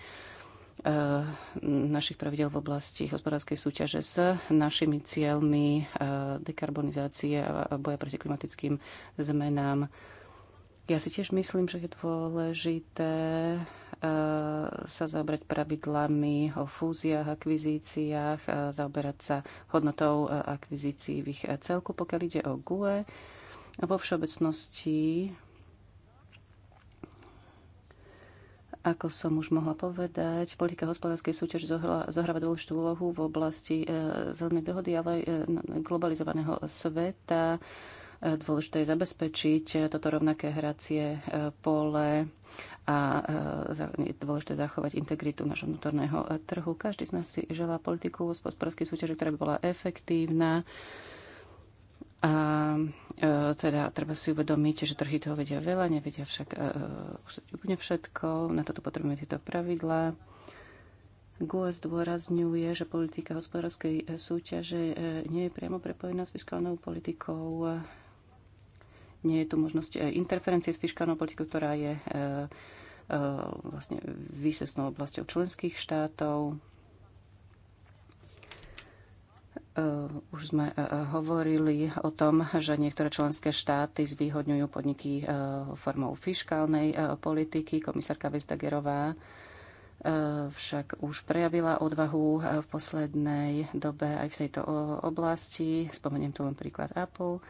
našich pravidel v oblasti hospodárskej súťaže s našimi cieľmi dekarbonizácie a boja proti klimatickým zmenám ja si tiež myslím, že je dôležité e, sa zaoberať pravidlami o fúziách, akvizíciách, e, zaoberať sa hodnotou e, akvizícií v ich celku, pokiaľ ide o GUE. Vo všeobecnosti, ako som už mohla povedať, politika hospodárskej súťaž zohráva dôležitú úlohu v oblasti zelenej dohody, ale aj globalizovaného sveta Dôležité je zabezpečiť toto rovnaké hracie e, pole a e, je dôležité zachovať integritu nášho vnútorného e, trhu. Každý z nás si želá politiku z hospodárskej súťaže, ktorá by bola efektívna, a teda treba si uvedomiť, že trhy toho vedia veľa, nevedia však úplne všetko. Na toto potrebujeme tieto pravidlá. GUS zdôrazňuje, že politika hospodárskej súťaže nie je priamo prepojená s fiskálnou politikou. Nie je tu možnosť eh, interferencie s fiskálnou politikou, ktorá je eh, eh, vlastne výsesnou oblasťou členských štátov. Už sme hovorili o tom, že niektoré členské štáty zvýhodňujú podniky formou fiskálnej politiky. Komisárka Vestagerová však už prejavila odvahu v poslednej dobe aj v tejto oblasti. Spomeniem tu len príklad Apple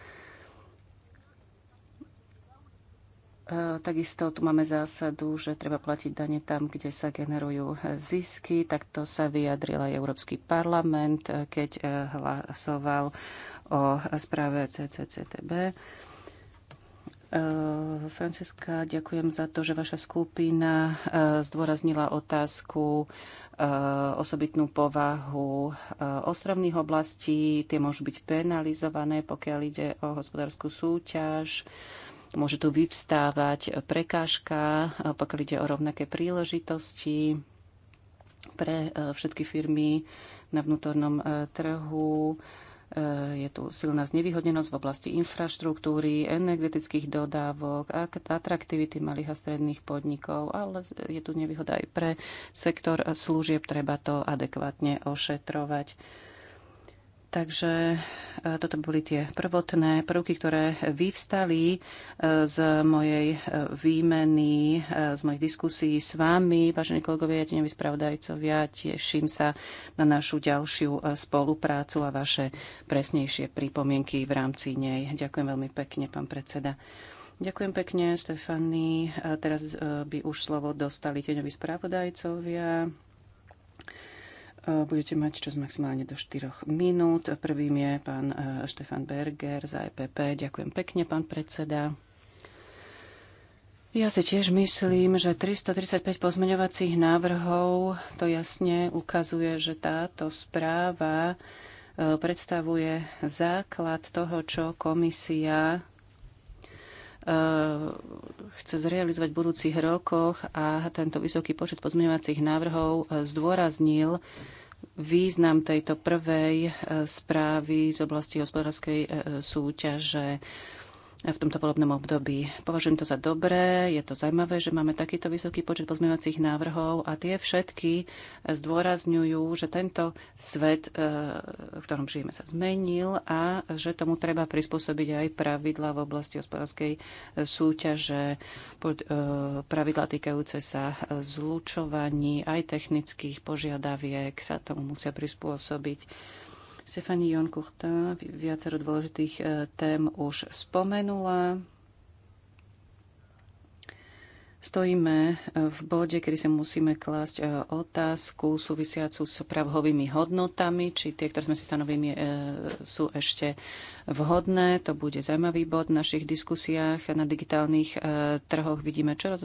E, takisto tu máme zásadu, že treba platiť dane tam, kde sa generujú zisky. Takto sa vyjadril aj Európsky parlament, e, keď e, hlasoval o správe CCCTB. Francesca, ďakujem za to, že vaša skupina zdôraznila otázku osobitnú povahu ostrovných oblastí. Tie môžu byť penalizované, pokiaľ ide o hospodárskú súťaž Môže tu vyvstávať prekážka, eh, pokiaľ ide o rovnaké príležitosti pre eh, všetky firmy na vnútornom eh, trhu. Je tu silná znevýhodnenosť v oblasti infraštruktúry, energetických dodávok, atraktivity malých a stredných podnikov, ale je tu nevýhoda aj pre sektor služieb, treba to adekvátne ošetrovať. Takže e, toto boli tie prvotné prvky, ktoré vyvstali e, z mojej e, výmeny, z mojich diskusí s vami, vážení kolegovia, tieňoví spravodajcovia. Teším sa na našu ďalšiu spoluprácu a vaše presnejšie pripomienky v rámci nej. Ďakujem veľmi pekne, pán predseda. Ďakujem pekne, Stefany. Teraz by už slovo dostali tieňoví spravodajcovia. E, budete mať čas maximálne do 4 minút. Prvým je pán e, Štefan Berger za EPP. Ďakujem pekne, pán predseda. Ja si tiež myslím, že 335 pozmeňovacích návrhov to jasne ukazuje, že táto správa e, predstavuje základ toho, čo komisia Eh, chce zrealizovať v budúcich rokoch a tento vysoký počet pozmeňovacích návrhov eh, zdôraznil význam tejto prvej eh, správy z oblasti hospodárskej súťaže v tomto volebnom období. Považujem to za dobré, je to zaujímavé, že máme takýto vysoký počet pozmeňovacích návrhov a tie všetky zdôrazňujú, že tento svet, e, v ktorom žijeme, sa zmenil a že tomu treba prispôsobiť aj pravidla v oblasti hospodárskej súťaže, e, pravidla týkajúce sa zlučovaní, aj technických požiadaviek sa tomu musia prispôsobiť Stefanie Jonkuchta viacero dôležitých e, tém už spomenula. Stojíme e, v bode, kedy sa musíme klásť e, otázku súvisiacu s pravhovými hodnotami, či tie, ktoré sme si stanovili, sú ešte vhodné. To bude zaujímavý bod v našich diskusiách. Na digitálnych trhoch vidíme čoraz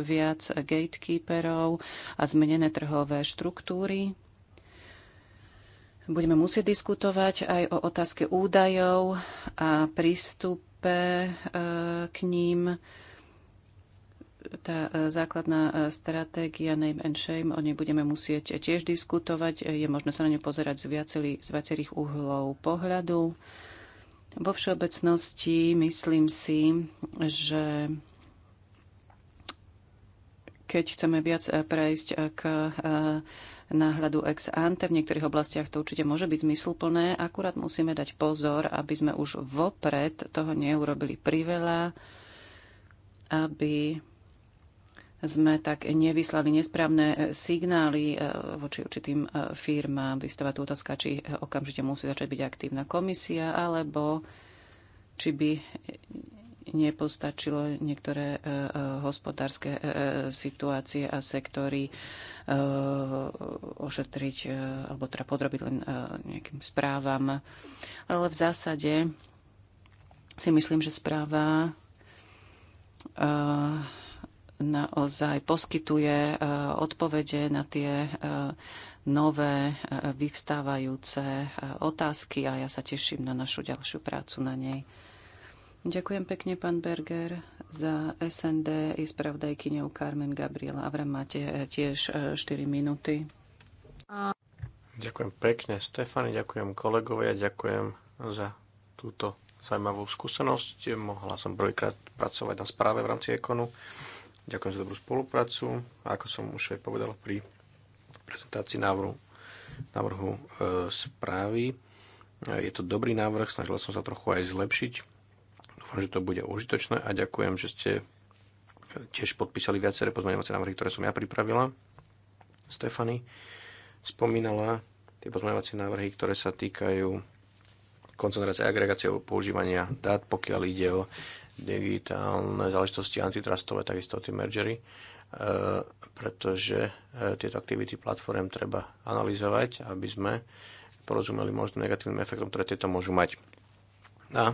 viac gatekeeperov a zmenené trhové štruktúry. Budeme musieť diskutovať aj o otázke údajov a prístupe e, k ním. Tá e, základná e, stratégia Name and Shame, o nej budeme musieť tiež diskutovať. Je možné sa na ňu pozerať z, viacerý, z viacerých uhlov pohľadu. Vo všeobecnosti myslím si, že keď chceme viac prejsť k náhľadu ex ante. V niektorých oblastiach to určite môže byť zmysluplné, akurát musíme dať pozor, aby sme už vopred toho neurobili priveľa, aby sme tak nevyslali nesprávne e, signály e, voči určitým e, firmám. Vystáva tu otázka, či okamžite musí začať byť aktívna komisia, alebo či by nepostačilo niektoré e, e, hospodárske e, situácie a sektory ošetriť alebo teda podrobiť len nejakým správam. Ale v zásade si myslím, že správa naozaj poskytuje odpovede na tie nové vyvstávajúce otázky a ja sa teším na našu ďalšiu prácu na nej. Ďakujem pekne, pán Berger, za SND i spravodajkyňou Carmen Gabriela. Avram, máte eh, tiež 4 eh, minúty. Ďakujem pekne, Stefany, ďakujem kolegovia, ďakujem za túto zaujímavú skúsenosť. Mohla som prvýkrát pracovať na správe v rámci Ekonu. Ďakujem za dobrú spoluprácu. A ako som už aj povedal pri prezentácii návrhu, návrhu e, správy, e, je to dobrý návrh, snažil som sa trochu aj zlepšiť Dúfam, že to bude užitočné a ďakujem, že ste tiež podpísali viaceré pozmeňovacie návrhy, ktoré som ja pripravila. Stefany spomínala tie pozmeňovacie návrhy, ktoré sa týkajú koncentrácie a agregácie používania dát, pokiaľ ide o digitálne záležitosti antitrustové, takisto tie mergery, e, pretože e, tieto aktivity platform treba analyzovať, aby sme porozumeli možno negatívnym efektom, ktoré tieto môžu mať. A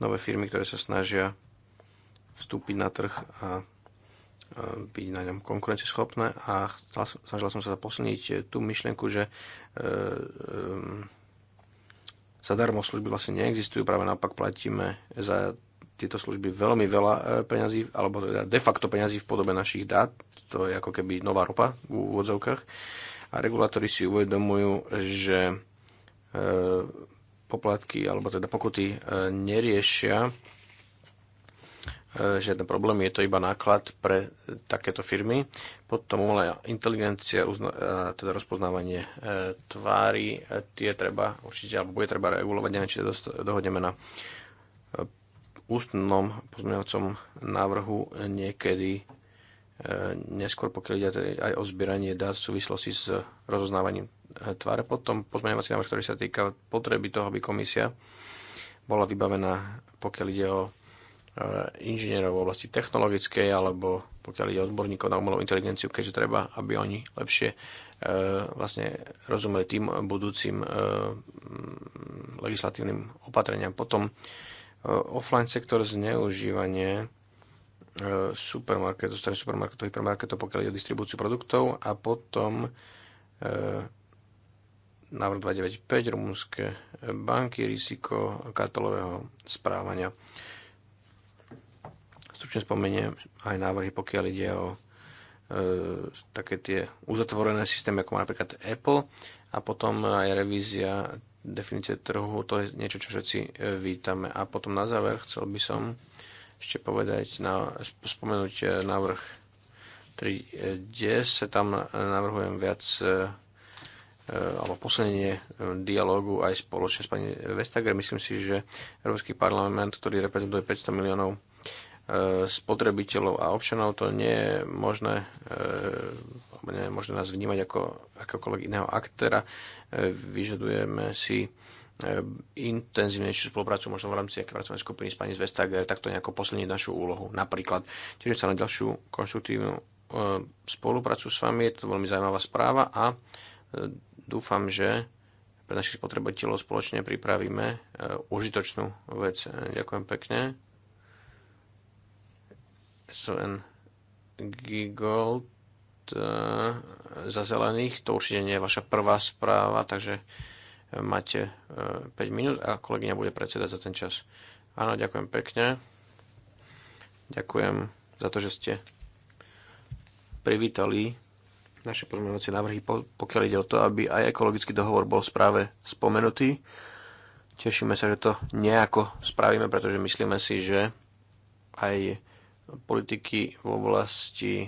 nové firmy, ktoré sa snažia vstúpiť na trh a byť na ňom konkurenceschopné a snažil som sa posilniť tú myšlienku, že e, e, zadarmo služby vlastne neexistujú, práve naopak platíme za tieto služby veľmi veľa e, peňazí, alebo teda de facto peňazí v podobe našich dát, to je ako keby nová ropa v úvodzovkách. A regulátori si uvedomujú, že poplatky alebo teda pokuty e, neriešia e, žiadne problémy, je to iba náklad pre takéto firmy. Potom umelá inteligencia, e, teda rozpoznávanie tvári, tie treba určite, alebo bude treba regulovať, neviem, či to dohodneme na ústnom pozmeňovacom návrhu niekedy neskôr, pokiaľ ide aj o zbieranie dát v súvislosti s rozoznávaním tvár. Potom pozmeňovací návrh, ktorý sa týka potreby toho, aby komisia bola vybavená, pokiaľ ide o e, inžinierov v oblasti technologickej alebo pokiaľ ide odborníkov na umelú inteligenciu, keďže treba, aby oni lepšie e, vlastne rozumeli tým budúcim e, legislatívnym opatreniam. Potom offline sektor zneužívanie supermarketov, starých supermarketov, hypermarketov, pokiaľ ide o distribúciu produktov a potom návrh 295, rumúnske banky, riziko kartelového správania. Stručne spomeniem aj návrhy, pokiaľ ide o e, také tie uzatvorené systémy, ako má napríklad Apple, a potom aj revízia definície trhu, to je niečo, čo všetci e, vítame. A potom na záver chcel by som ešte povedať, na, spomenúť e, návrh 3.10, e, tam navrhujem viac E, alebo posledenie e, dialógu aj spoločne s pani Vestager. Myslím si, že Európsky parlament, ktorý reprezentuje 500 miliónov e, spotrebiteľov a občanov, to nie je možné, alebo nie je možné nás vnímať ako akokoľvek iného aktéra. Vyžadujeme si intenzívnejšiu spoluprácu možno v rámci nejakej pracovnej skupiny s pani Zvestager, takto nejako posilniť našu úlohu. Napríklad tiež sa na ďalšiu konštruktívnu spoluprácu s vami, je to veľmi zaujímavá správa a Dúfam, že pre našich spotrebiteľov spoločne pripravíme e, užitočnú vec. Ďakujem pekne. Sven Gigold e, za zelených, to určite nie je vaša prvá správa, takže máte 5 e, minút a kolegyňa bude predsedať za ten čas. Áno, ďakujem pekne. Ďakujem za to, že ste privítali naše pozmeňovacie návrhy, pokiaľ ide o to, aby aj ekologický dohovor bol správe spomenutý. Tešíme sa, že to nejako spravíme, pretože myslíme si, že aj politiky v oblasti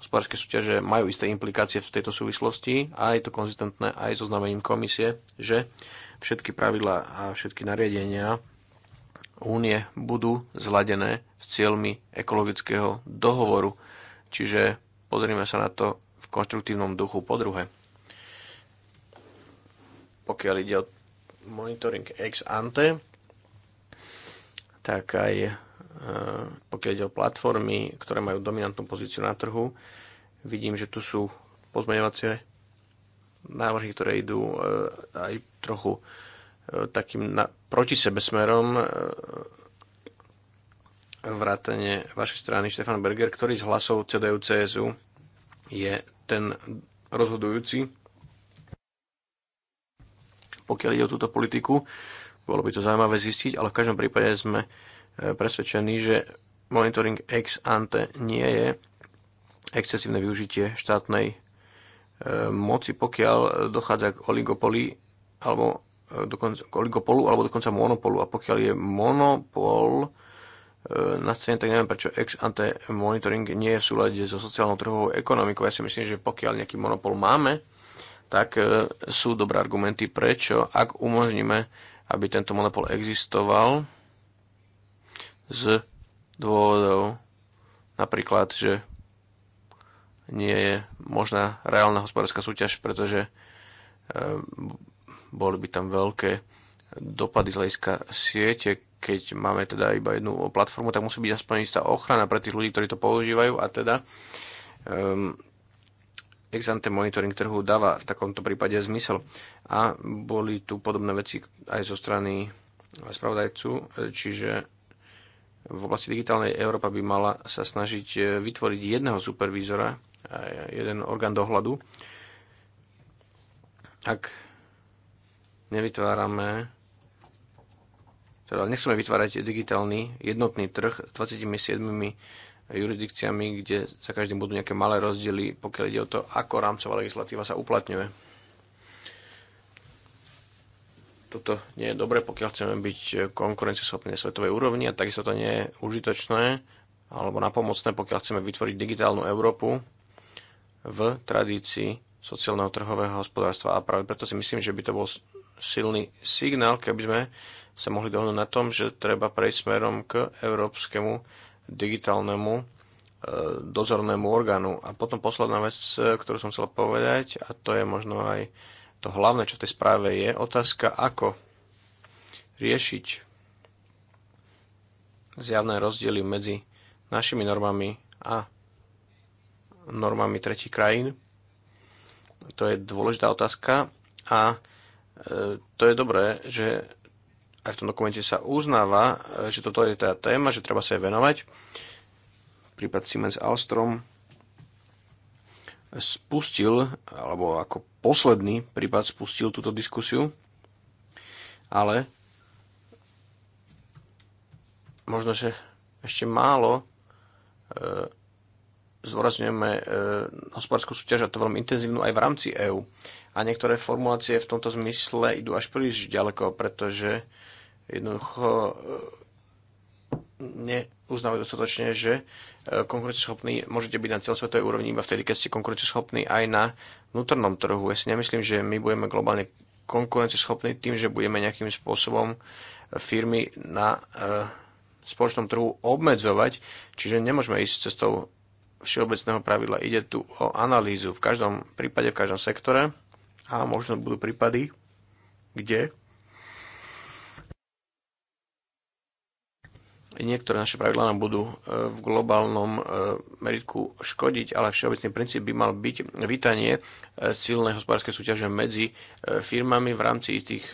hospodárskej súťaže majú isté implikácie v tejto súvislosti a je to konzistentné aj so znamením komisie, že všetky pravidlá a všetky nariadenia únie budú zladené s cieľmi ekologického dohovoru. Čiže pozrime sa na to konštruktívnom duchu. Po druhé, pokiaľ ide o monitoring ex ante, tak aj e, pokiaľ ide o platformy, ktoré majú dominantnú pozíciu na trhu, vidím, že tu sú pozmeňovacie návrhy, ktoré idú e, aj trochu e, takým na, proti sebe smerom vrátane vašej strany Štefan Berger, ktorý z hlasov CDU CSU je ten rozhodujúci, pokiaľ ide o túto politiku. Bolo by to zaujímavé zistiť, ale v každom prípade sme e, presvedčení, že monitoring ex ante nie je excesívne využitie štátnej e, moci, pokiaľ dochádza k oligopoli alebo e, dokonca, k oligopolu alebo dokonca monopolu. A pokiaľ je monopol, na scéne, tak neviem prečo ex ante monitoring nie je v súlade so sociálnou trhovou ekonomikou. Ja si myslím, že pokiaľ nejaký monopol máme, tak e, sú dobré argumenty prečo, ak umožníme, aby tento monopol existoval z dôvodov napríklad, že nie je možná reálna hospodárska súťaž, pretože e, boli by tam veľké dopady z hľadiska siete, keď máme teda iba jednu platformu, tak musí byť aspoň istá ochrana pre tých ľudí, ktorí to používajú a teda um, ehm, ex ante monitoring trhu dáva v takomto prípade zmysel. A boli tu podobné veci aj zo strany spravodajcu, čiže v oblasti digitálnej Európa by mala sa snažiť e, vytvoriť jedného supervízora, jeden orgán dohľadu. Ak nevytvárame teda nechceme vytvárať digitálny jednotný trh s 27 jurisdikciami, kde sa každým budú nejaké malé rozdiely, pokiaľ ide o to, ako rámcová legislatíva sa uplatňuje. Toto nie je dobre, pokiaľ chceme byť konkurencieschopní na svetovej úrovni a takisto to nie je užitočné alebo napomocné, pokiaľ chceme vytvoriť digitálnu Európu v tradícii sociálneho trhového hospodárstva. A práve preto si myslím, že by to bol silný signál, keby sme sa mohli dohodnúť na tom, že treba prejsť smerom k európskemu digitálnemu e, dozornému orgánu. A potom posledná vec, e, ktorú som chcel povedať, a to je možno aj to hlavné, čo v tej správe je, otázka, ako riešiť zjavné rozdiely medzi našimi normami a normami tretich krajín. To je dôležitá otázka a E, to je dobré, že aj v tom dokumente sa uznáva, e, že toto je tá téma, že treba sa jej venovať. Prípad Siemens Alstrom spustil, alebo ako posledný prípad spustil túto diskusiu, ale možno, že ešte málo e, zvorazňujeme e, hospodárskú súťaž a to veľmi intenzívnu aj v rámci EÚ a niektoré formulácie v tomto zmysle idú až príliš ďaleko, pretože jednoducho e, neuznávajú dostatočne, že e, konkurenceschopný môžete byť na celosvetovej úrovni iba vtedy, keď ste konkurenceschopní aj na vnútornom trhu. Ja si nemyslím, že my budeme globálne konkurenceschopní tým, že budeme nejakým spôsobom e, firmy na spoločnom trhu obmedzovať, čiže nemôžeme ísť cestou všeobecného pravidla. Ide tu o analýzu v každom prípade, v každom sektore a možno budú prípady, kde niektoré naše pravidlá nám budú e, v globálnom e, meritku škodiť, ale všeobecný princíp by mal byť vítanie e, silnej hospodárskej súťaže medzi firmami v rámci istých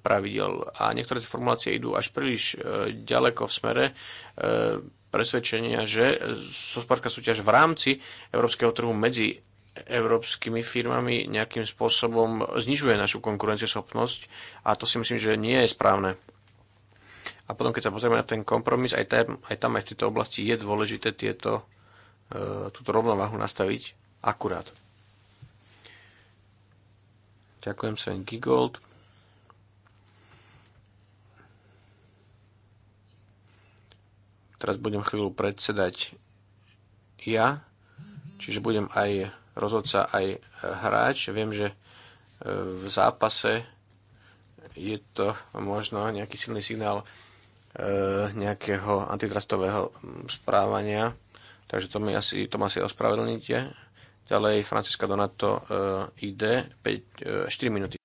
pravidel. A niektoré formulácie idú až príliš ďaleko v smere presvedčenia, že hospodárska súťaž v rámci európskeho trhu medzi európskymi firmami nejakým spôsobom znižuje našu konkurencieschopnosť a to si myslím, že nie je správne. A potom, keď sa pozrieme na ten kompromis, aj tam, aj, tam, aj v tejto oblasti je dôležité tieto, e, túto rovnováhu nastaviť akurát. Ďakujem, sa, Gigold. Teraz budem chvíľu predsedať ja, čiže budem aj rozhodca aj hráč. Viem, že e, v zápase je to možno nejaký silný signál e, nejakého antitrastového mm, správania, takže to mi asi, to asi ospravedlníte. Ďalej Francisca Donato e, ide 5, 4 minúty.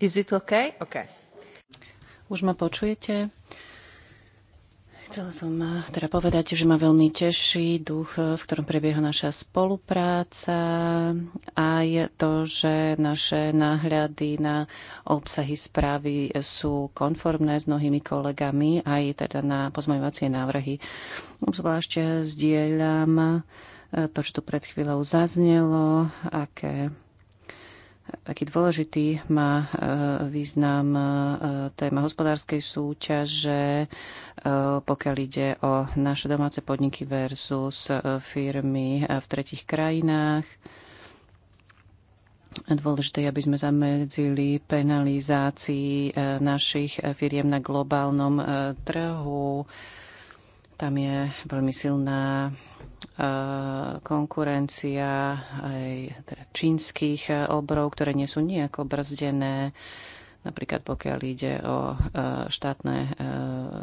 Is it okay? Okay. Už ma počujete? Chcela som eh, teda povedať, že ma veľmi teší duch, eh, v ktorom prebieha naša spolupráca, aj to, že naše náhľady na obsahy správy sú konformné s mnohými kolegami, aj teda na pozmojovacie návrhy. Zvlášť zdieľam eh, to, čo tu pred chvíľou zaznelo, aké taký dôležitý, má e, význam e, téma hospodárskej súťaže, e, pokiaľ ide o naše domáce podniky versus firmy v tretich krajinách. Dôležité je, aby sme zamedzili penalizácii našich firiem na globálnom trhu. Tam je veľmi silná Eh, konkurencia aj teda čínskych eh, obrov, ktoré nie sú nejako brzdené, napríklad pokiaľ ide o eh, štátne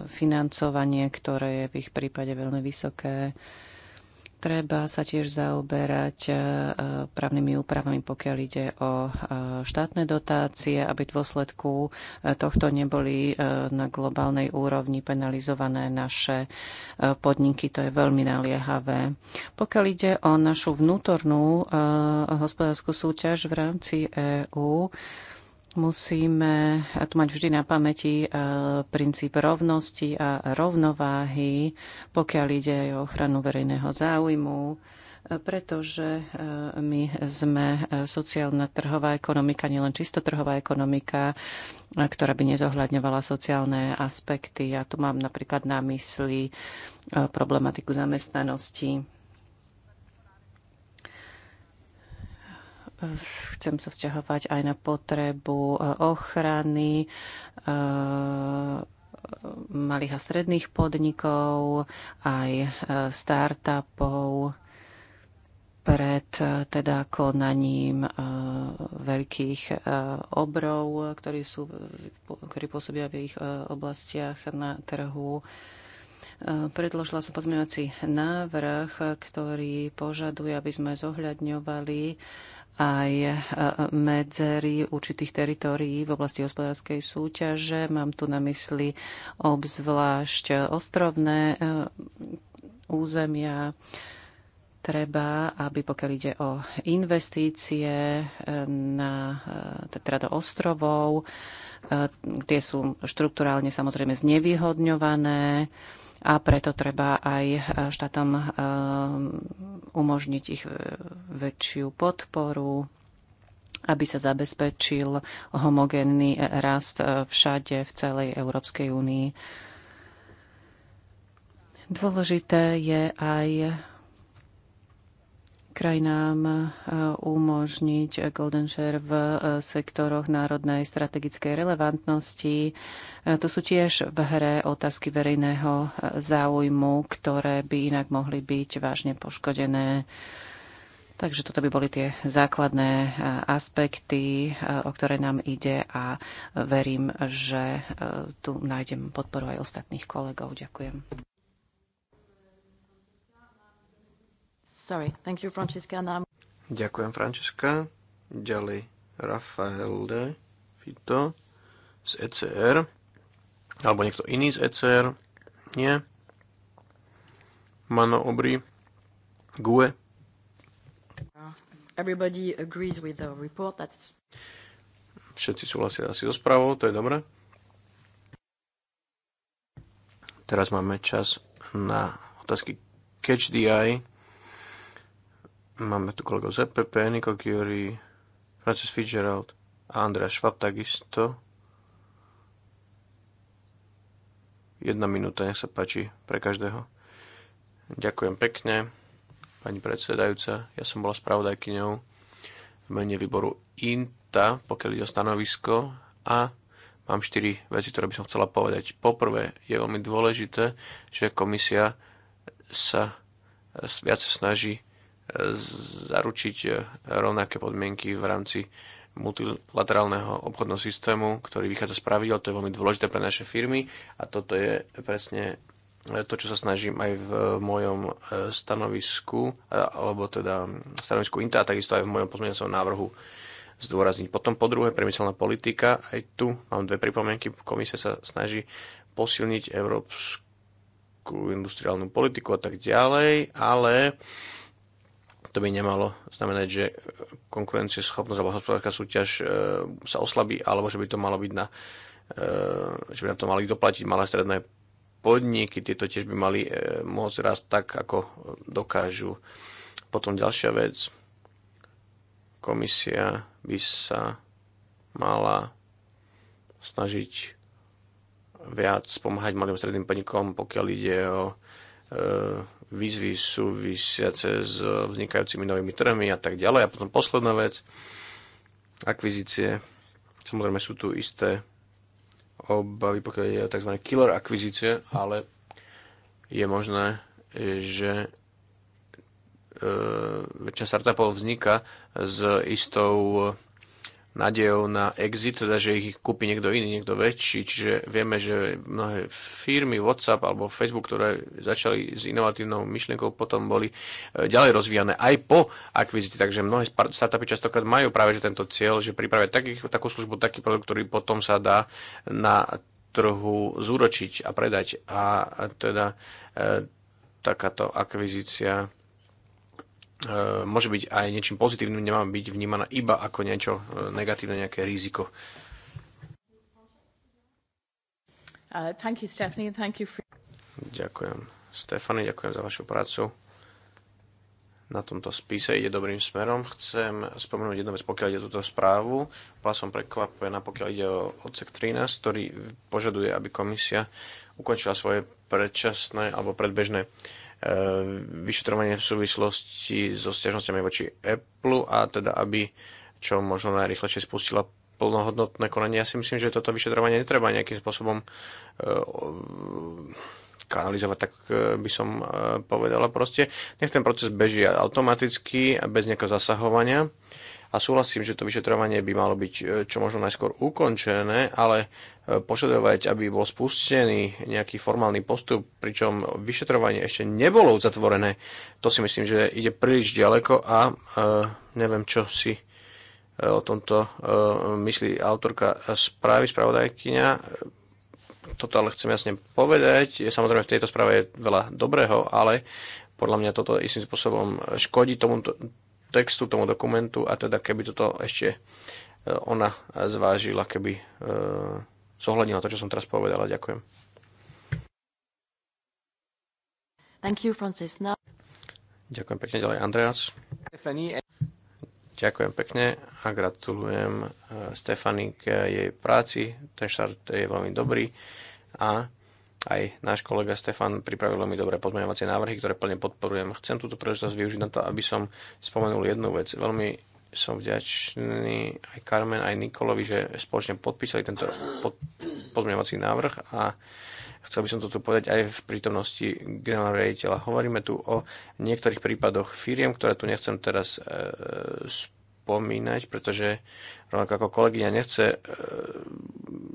financovanie, ktoré je v ich prípade veľmi vysoké. Treba sa tiež zaoberať e, právnymi úpravami, pokiaľ ide o e, štátne dotácie, aby v dôsledku e, tohto neboli na globálnej úrovni penalizované naše podniky. To je veľmi naliehavé. Pokiaľ ide o našu vnútornú hospodárskú súťaž v rámci EÚ, Musíme tu mať vždy na pamäti eh, princíp rovnosti a rovnováhy, pokiaľ ide aj o ochranu verejného záujmu, eh, pretože eh, my sme sociálna trhová ekonomika, nielen čisto trhová ekonomika, ktorá by nezohľadňovala sociálne aspekty. Ja tu mám napríklad na mysli problematiku zamestnanosti chcem sa vzťahovať aj na potrebu eh, ochrany eh, malých a stredných podnikov, aj eh, startupov pred teda konaním veľkých obrov, ktorí, sú, ktorí pôsobia v ich oblastiach na trhu. Predložila som pozmeňovací návrh, ktorý požaduje, aby sme zohľadňovali aj e, medzery určitých teritórií v oblasti hospodárskej súťaže. Mám tu na mysli obzvlášť ostrovné e, územia. Treba, aby pokiaľ ide o investície e, na, teda do ostrovov, tie sú štruktúrálne samozrejme znevýhodňované a preto treba aj e, štátom e, umožniť ich e, väčšiu podporu, aby sa zabezpečil homogénny rast všade v celej Európskej únii. Dôležité je aj krajinám e, umožniť golden share v e, sektoroch národnej strategickej relevantnosti. E, to sú tiež v hre otázky verejného záujmu, ktoré by inak mohli byť vážne poškodené. Takže toto by boli tie základné aspekty, o ktoré nám ide a verím, že tu nájdem podporu aj ostatných kolegov. Ďakujem. Sorry. Thank you, Francesca. Now... Ďakujem, Francesca. Ďalej Rafaelde Fito z ECR. Alebo niekto iný z ECR. Nie. Mano Obri. GUE. Everybody agrees with the report. That's... Všetci súhlasia asi so správou, to je dobré. Teraz máme čas na otázky Catch the Eye. Máme tu kolegov ZPP, e Nico Curie, Francis Fitzgerald a Andrea Schwab takisto. Jedna minúta, nech sa páči, pre každého. Ďakujem pekne, pani predsedajúca. Ja som bola spravodajkyňou v mene výboru INTA, pokiaľ ide o stanovisko a mám štyri veci, ktoré by som chcela povedať. Poprvé, je veľmi dôležité, že komisia sa viac snaží zaručiť e, rovnaké podmienky v rámci multilaterálneho obchodného systému, ktorý vychádza z pravidel, to je veľmi dôležité pre naše firmy a toto je presne e, to, čo sa snažím aj v mojom e, stanovisku, alebo teda stanovisku INTA a takisto aj v mojom pozmeňovacom návrhu zdôrazniť. Potom po druhé, priemyselná politika, aj tu mám dve pripomienky, komisia sa snaží posilniť európsku industriálnu politiku a tak ďalej, ale to by nemalo znamenať, že konkurencieschopnosť alebo hospodárska súťaž e, sa oslabí, alebo že by to malo byť na e, že by na to mali doplatiť malé stredné podniky, tieto tiež by mali e, môcť rast tak, ako dokážu. Potom ďalšia vec, komisia by sa mala snažiť viac pomáhať malým stredným podnikom, pokiaľ ide o e, výzvy súvisiace s vznikajúcimi novými trhmi a tak ďalej. A potom posledná vec, akvizície. Samozrejme sú tu isté obavy, pokiaľ je tzv. killer akvizície, ale je možné, že e, väčšina startupov vzniká s istou nádejou na exit, teda že ich kúpi niekto iný, niekto väčší. Čiže vieme, že mnohé firmy, WhatsApp alebo Facebook, ktoré začali s inovatívnou myšlienkou, potom boli e, ďalej rozvíjane aj po akvizícii. Takže mnohé startupy častokrát majú práve že tento cieľ, že pripravia taký, takú službu, taký produkt, ktorý potom sa dá na trhu zúročiť a predať. A teda e, takáto akvizícia E, môže byť aj niečím pozitívnym, nemá byť vnímaná iba ako niečo e, negatívne, nejaké riziko. Uh, thank you, Stephanie. Thank you for... Ďakujem, Stefany, ďakujem za vašu prácu na tomto spise ide dobrým smerom. Chcem spomenúť jednu vec, pokiaľ ide túto správu. Bola som prekvapená, pokiaľ ide o odsek 13, ktorý požaduje, aby komisia ukončila svoje predčasné alebo predbežné E, vyšetrovanie v súvislosti so stiažnosťami voči Apple a teda aby čo možno najrychlejšie spustila plnohodnotné konanie. Ja si myslím, že toto vyšetrovanie netreba nejakým spôsobom e, kanalizovať, tak e, by som povedala proste. Nech ten proces beží automaticky a bez nejakého zasahovania a súhlasím, že to vyšetrovanie by malo byť e, čo možno najskôr ukončené, ale e, požadovať, aby bol spustený nejaký formálny postup, pričom vyšetrovanie ešte nebolo uzatvorené, to si myslím, že ide príliš ďaleko a e, neviem, čo si e, o tomto e, myslí autorka správy, spravodajkyňa. Toto ale chcem jasne povedať. Samozrejme, v tejto správe je veľa dobrého, ale podľa mňa toto istým spôsobom škodí tomuto, textu, tomu dokumentu a teda keby toto ešte e, ona zvážila, keby e, zohľadnila to, čo som teraz povedala. Ďakujem. Thank you, Francis. Ďakujem pekne ďalej, Andreas. E- Ďakujem pekne a gratulujem Stefani k jej práci. Ten štart je veľmi dobrý a aj náš kolega Stefan pripravil veľmi dobré pozmeňovacie návrhy, ktoré plne podporujem. Chcem túto príležitosť využiť na to, aby som spomenul jednu vec. Veľmi som vďačný aj Carmen, aj Nikolovi, že spoločne podpísali tento pod, pozmeňovací návrh a chcel by som to tu povedať aj v prítomnosti generálneho riaditeľa. Hovoríme tu o niektorých prípadoch firiem, ktoré tu nechcem teraz e, spomínať, pretože rovnako ako kolegyňa nechce e,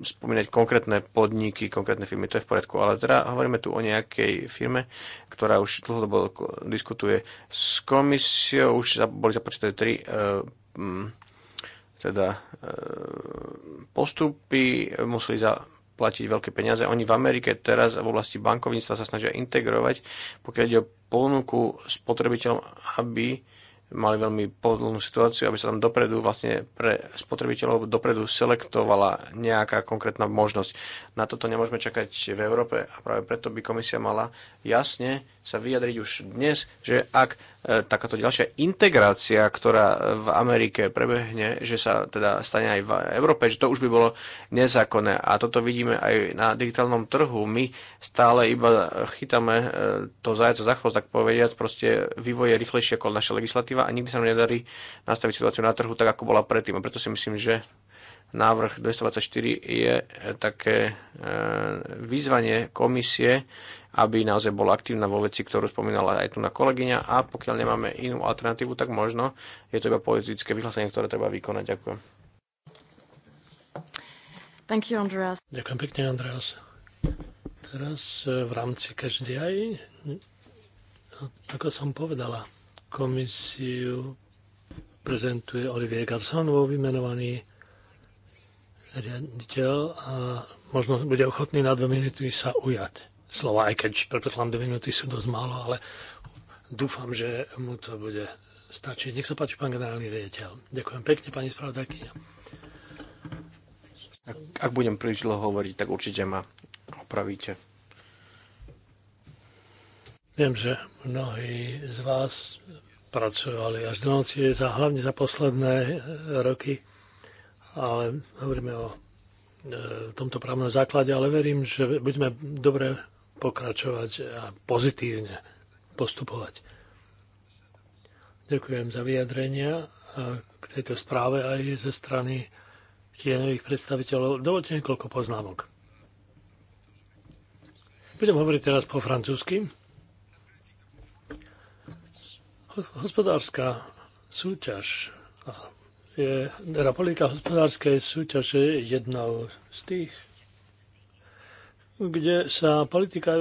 spomínať konkrétne podniky, konkrétne firmy, to je v poriadku, ale teda hovoríme tu o nejakej firme, ktorá už dlhodobo diskutuje s komisiou, už boli započítané tri e, teda e, postupy, museli za platiť veľké peniaze. Oni v Amerike teraz v oblasti bankovníctva sa snažia integrovať, pokiaľ ide o ponuku spotrebiteľom, aby mali veľmi pohodlnú situáciu, aby sa tam dopredu vlastne pre spotrebiteľov dopredu selektovala nejaká konkrétna možnosť. Na toto nemôžeme čakať v Európe a práve preto by komisia mala jasne sa vyjadriť už dnes, že ak e, takáto ďalšia integrácia, ktorá v Amerike prebehne, že sa teda stane aj v Európe, že to už by bolo nezákonné. A toto vidíme aj na digitálnom trhu. My stále iba chytame e, to zajaca za chvost, tak povediať, proste vývoj je rýchlejšie ako naša legislatíva a nikdy sa nám nedarí nastaviť situáciu na trhu tak, ako bola predtým. A preto si myslím, že návrh 224 je také e, vyzvanie komisie, aby naozaj bola aktívna vo veci, ktorú spomínala aj tu na kolegyňa a pokiaľ nemáme inú alternatívu, tak možno je to iba politické vyhlásenie, ktoré treba vykonať. Ďakujem. Thank you, Andreas. Ďakujem pekne, Andreas. Teraz eh, v rámci každej, ako som povedala, komisiu prezentuje Olivier Garson vo vymenovaný riaditeľ a možno bude ochotný na dve minúty sa ujať slova, aj keď predpokladám dve minúty sú dosť málo, ale dúfam, že mu to bude stačiť. Nech sa páči, pán generálny riaditeľ. Ďakujem pekne, pani spravodajkyňa. Ak, ak budem príliš dlho hovoriť, tak určite ma opravíte. Viem, že mnohí z vás pracovali až do noci, za, hlavne za posledné e, roky, ale hovoríme o e, tomto právnom základe, ale verím, že budeme dobre pokračovať a pozitívne postupovať. Ďakujem za vyjadrenia k tejto správe aj ze strany tieňových predstaviteľov. Dovolte niekoľko poznámok. Budem hovoriť teraz po francúzsky. Hospodárska súťaž je, teda politika hospodárskej súťaže je jednou z tých kde sa politika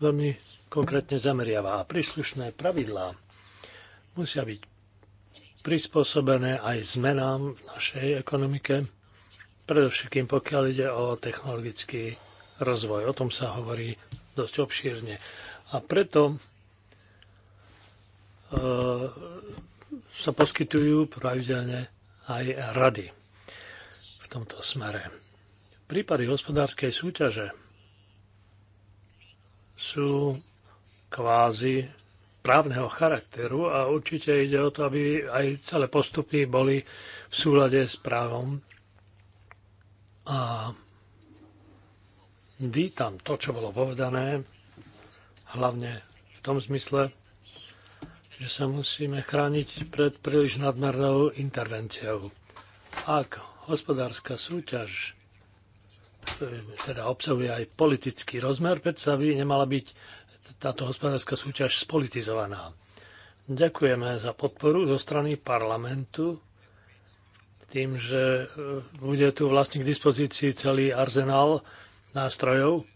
veľmi konkrétne zameriava. A príslušné pravidlá musia byť prispôsobené aj zmenám v našej ekonomike, predovšetkým pokiaľ ide o technologický rozvoj. O tom sa hovorí dosť obšírne. A preto e, sa poskytujú pravidelne aj rady v tomto smere prípady hospodárskej súťaže sú kvázi právneho charakteru a určite ide o to, aby aj celé postupy boli v súlade s právom. A vítam to, čo bolo povedané, hlavne v tom zmysle, že sa musíme chrániť pred príliš nadmernou intervenciou. Ak hospodárska súťaž teda obsahuje aj politický rozmer, predsa by nemala byť táto hospodárska súťaž spolitizovaná. Ďakujeme za podporu zo strany parlamentu tým, že e, bude tu vlastne k dispozícii celý arzenál nástrojov,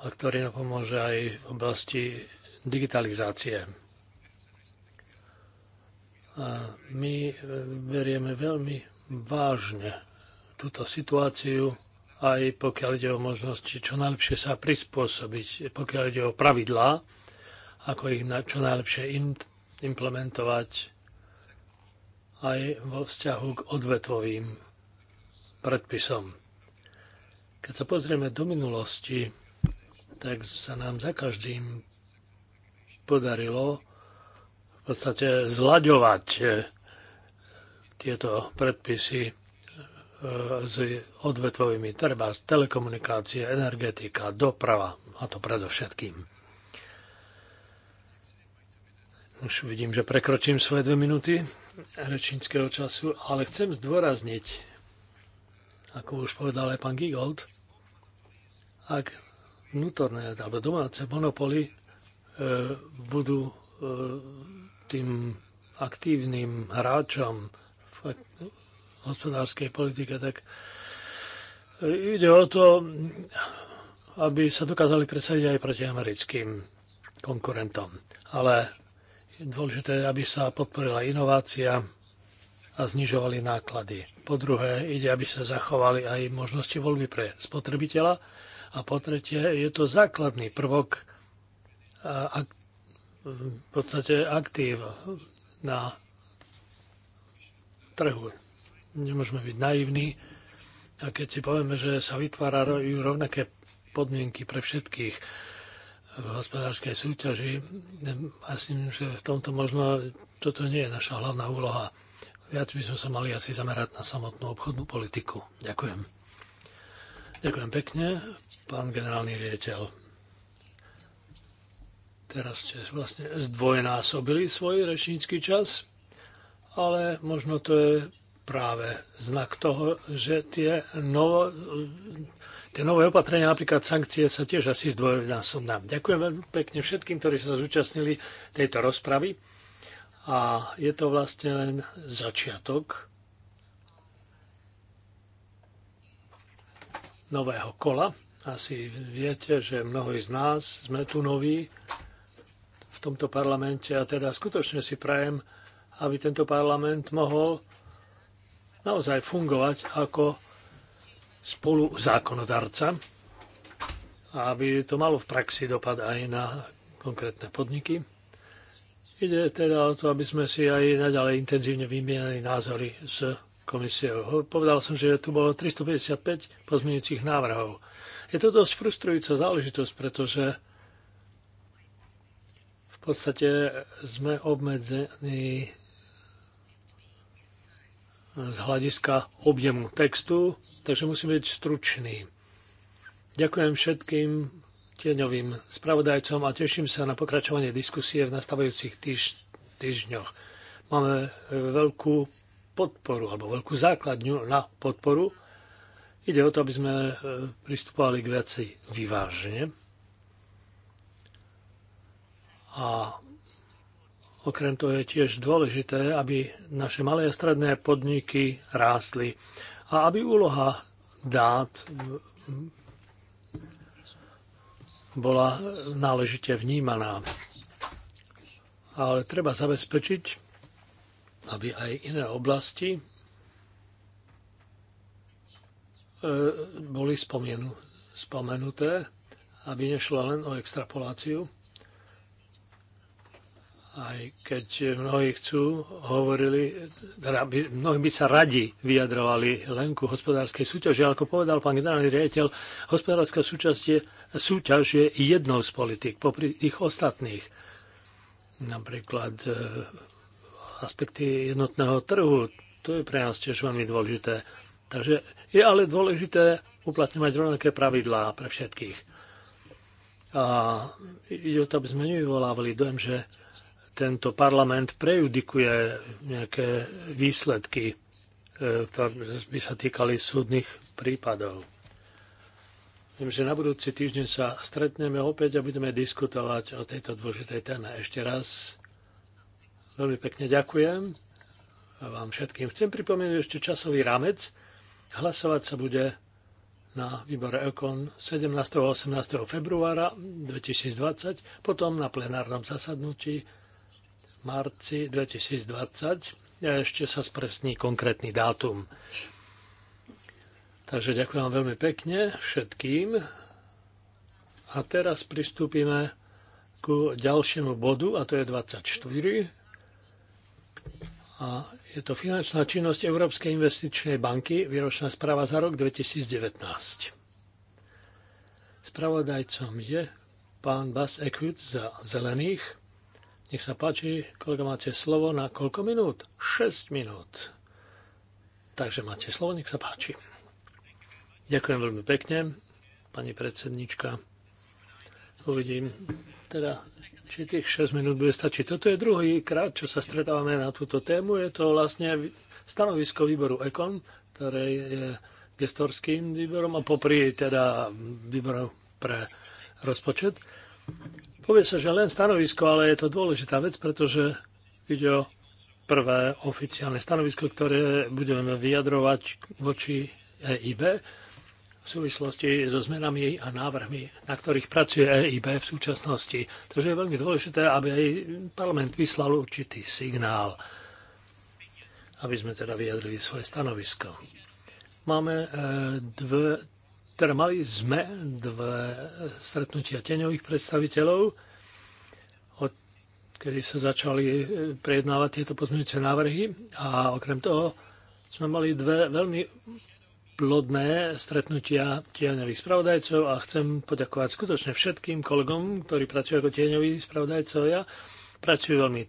a ktorý nám pomôže aj v oblasti digitalizácie. A my e, berieme veľmi vážne túto situáciu, aj pokiaľ ide o možnosti čo najlepšie sa prispôsobiť, pokiaľ ide o pravidlá, ako ich na, čo najlepšie in, implementovať aj vo vzťahu k odvetvovým predpisom. Keď sa pozrieme do minulosti, tak sa nám za každým podarilo v podstate zlaďovať eh, tieto predpisy s odvetvovými, treba telekomunikácie, energetika, doprava, a to predovšetkým. Už vidím, že prekročím svoje dve minúty rečníckého času, ale chcem zdôrazniť, ako už povedal aj pán Gigold, ak vnútorné alebo domáce monopoly e, budú e, tým aktívnym hráčom v hospodárskej politike, tak ide o to, aby sa dokázali presadiť aj proti americkým konkurentom. Ale je dôležité, aby sa podporila inovácia a znižovali náklady. Po druhé, ide, aby sa zachovali aj možnosti voľby pre spotrebiteľa. A po tretie, je to základný prvok a v podstate aktív na trhu nemôžeme byť naivní. A keď si povieme, že sa vytvárajú rovnaké podmienky pre všetkých v hospodárskej súťaži, myslím, že v tomto možno toto nie je naša hlavná úloha. Viac by sme sa mali asi zamerať na samotnú obchodnú politiku. Ďakujem. Ďakujem pekne, pán generálny riaditeľ. Teraz ste vlastne zdvojnásobili svoj rečnícky čas, ale možno to je práve znak toho, že tie, novo, tie nové opatrenia, napríklad sankcie, sa tiež asi zdvojnásobná. Ďakujem veľmi pekne všetkým, ktorí sa zúčastnili tejto rozpravy. A je to vlastne len začiatok nového kola. Asi viete, že mnohí z nás sme tu noví v tomto parlamente a teda skutočne si prajem, aby tento parlament mohol naozaj fungovať ako spolu zákonodarca aby to malo v praxi dopad aj na konkrétne podniky. Ide teda o to, aby sme si aj naďalej intenzívne vymienali názory s komisiou. Povedal som, že tu bolo 355 pozmeňujúcich návrhov. Je to dosť frustrujúca záležitosť, pretože v podstate sme obmedzení z hľadiska objemu textu, takže musím byť stručný. Ďakujem všetkým tieňovým spravodajcom a teším sa na pokračovanie diskusie v nastavujúcich týž- týždňoch. Máme e, veľkú podporu alebo veľkú základňu na podporu. Ide o to, aby sme e, pristupovali k veci vyvážne. A Okrem toho je tiež dôležité, aby naše malé a stredné podniky rástli a aby úloha dát bola náležite vnímaná. Ale treba zabezpečiť, aby aj iné oblasti e, boli spomenuté, aby nešlo len o extrapoláciu aj keď mnohí chcú, hovorili, teda by, mnohí by sa radi vyjadrovali len ku hospodárskej súťaži. Ako povedal pán generálny riaditeľ, hospodárska súťaž je, súťaž je jednou z politik, popri tých ostatných. Napríklad e, aspekty jednotného trhu, to je pre nás tiež veľmi dôležité. Takže je ale dôležité uplatňovať rovnaké pravidlá pre všetkých. A ide o to, aby sme nevyvolávali dojem, že tento parlament prejudikuje nejaké výsledky, e, ktoré by sa týkali súdnych prípadov. Viem, že na budúci týždeň sa stretneme opäť a budeme diskutovať o tejto dôležitej téme. Ešte raz veľmi pekne ďakujem vám všetkým. Chcem pripomenúť ešte časový rámec. Hlasovať sa bude na výbore EKON 17. a 18. februára 2020, potom na plenárnom zasadnutí marci 2020. Ešte sa spresní konkrétny dátum. Takže ďakujem vám veľmi pekne všetkým. A teraz pristúpime ku ďalšiemu bodu, a to je 24. A je to finančná činnosť Európskej investičnej banky, výročná správa za rok 2019. Spravodajcom je pán Bas Ekut za zelených. Nech sa páči, kolega, máte slovo na koľko minút? 6 minút. Takže máte slovo, nech sa páči. Ďakujem veľmi pekne, pani predsednička. Uvidím, teda, či tých 6 minút bude stačiť. Toto je druhý krát, čo sa stretávame na túto tému. Je to vlastne stanovisko výboru EKON, ktoré je gestorským výborom a popri teda výboru pre rozpočet. Povie sa, že len stanovisko, ale je to dôležitá vec, pretože ide o prvé oficiálne stanovisko, ktoré budeme vyjadrovať voči EIB v súvislosti so zmenami a návrhmi, na ktorých pracuje EIB v súčasnosti. Takže je veľmi dôležité, aby aj parlament vyslal určitý signál, aby sme teda vyjadrili svoje stanovisko. Máme e, dve, teda mali sme dve stretnutia teňových predstaviteľov, od kedy sa začali eh, prejednávať tieto pozmeňujúce návrhy a okrem toho sme mali dve veľmi plodné stretnutia tieňových spravodajcov a chcem poďakovať skutočne všetkým kolegom, ktorí pracujú ako tieňoví spravodajcovia. Pracujú veľmi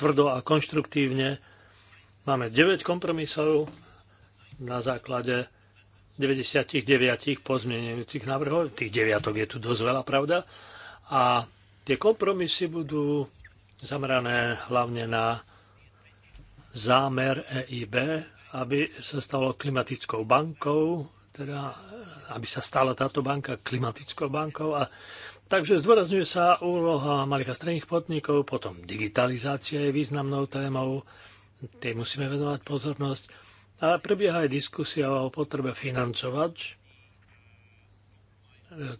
tvrdo a konštruktívne. Máme 9 kompromisov na základe 99 pozmienujúcich návrhov, tých deviatok je tu dosť veľa, pravda? A tie kompromisy budú zamerané hlavne na zámer EIB, aby sa stalo klimatickou bankou, teda aby sa stala táto banka klimatickou bankou. A, takže zdôrazňuje sa úloha malých a stredných podnikov, potom digitalizácia je významnou témou, tej musíme venovať pozornosť ale prebieha aj diskusia o potrebe financovať.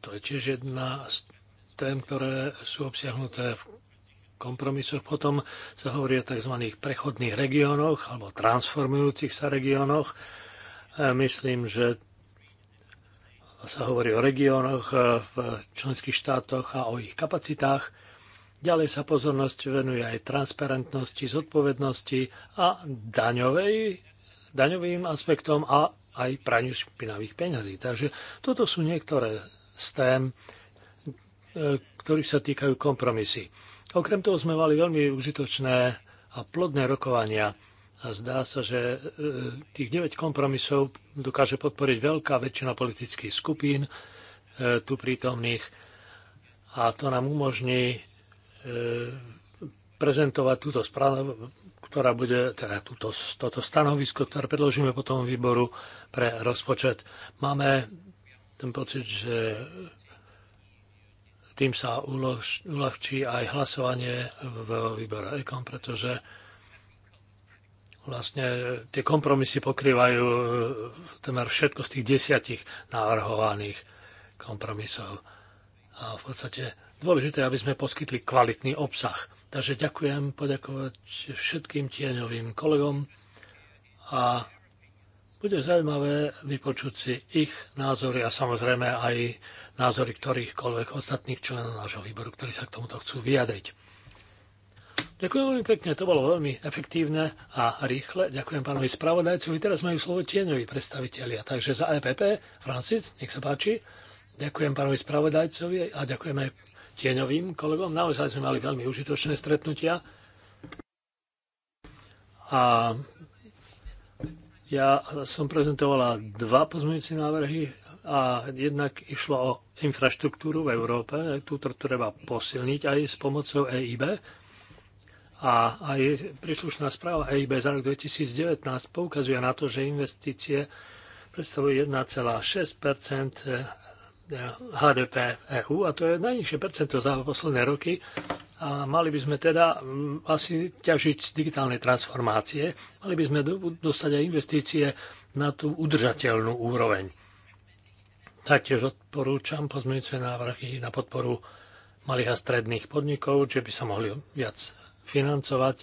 To je tiež jedna z tém, ktoré sú obsiahnuté v kompromisoch. Potom sa hovorí o tzv. prechodných regiónoch alebo transformujúcich sa regiónoch. Myslím, že sa hovorí o regiónoch e, v členských štátoch a o ich kapacitách. Ďalej sa pozornosť venuje aj transparentnosti, zodpovednosti a daňovej daňovým aspektom a aj praniu špinavých peňazí. Takže toto sú niektoré z tém, e, ktorých sa týkajú kompromisy. Okrem toho sme mali veľmi užitočné a plodné rokovania a zdá sa, že e, tých 9 kompromisov dokáže podporiť veľká väčšina politických skupín e, tu prítomných a to nám umožní prezentovať túto správu, ktorá bude, teda túto, toto stanovisko, ktoré predložíme potom výboru pre rozpočet. Máme ten pocit, že tým sa ulož, uľahčí aj hlasovanie v výbore EKOM, pretože vlastne tie kompromisy pokrývajú temer všetko z tých desiatich navrhovaných kompromisov. A v podstate dôležité, aby sme poskytli kvalitný obsah Takže ďakujem poďakovať všetkým tieňovým kolegom a bude zaujímavé vypočuť si ich názory a samozrejme aj názory ktorýchkoľvek ostatných členov nášho výboru, ktorí sa k tomuto chcú vyjadriť. Ďakujem veľmi pekne, to bolo veľmi efektívne a rýchle. Ďakujem pánovi spravodajcovi. Teraz majú slovo tieňoví predstavitelia. Takže za EPP, Francis, nech sa páči. Ďakujem pánovi spravodajcovi a ďakujem aj tieňovým kolegom. Naozaj sme mali veľmi užitočné stretnutia. A ja som prezentovala dva pozmeňujúce návrhy a jednak išlo o infraštruktúru v Európe. Túto treba posilniť aj s pomocou EIB. A aj príslušná správa EIB za rok 2019 poukazuje na to, že investície predstavujú 1,6 HDP EU a to je najnižšie percento za posledné roky a mali by sme teda mm, asi ťažiť z digitálnej transformácie, mali by sme dostať aj investície na tú udržateľnú úroveň. Taktiež odporúčam pozmeňujúce návrhy na podporu malých a stredných podnikov, že by sa mohli viac financovať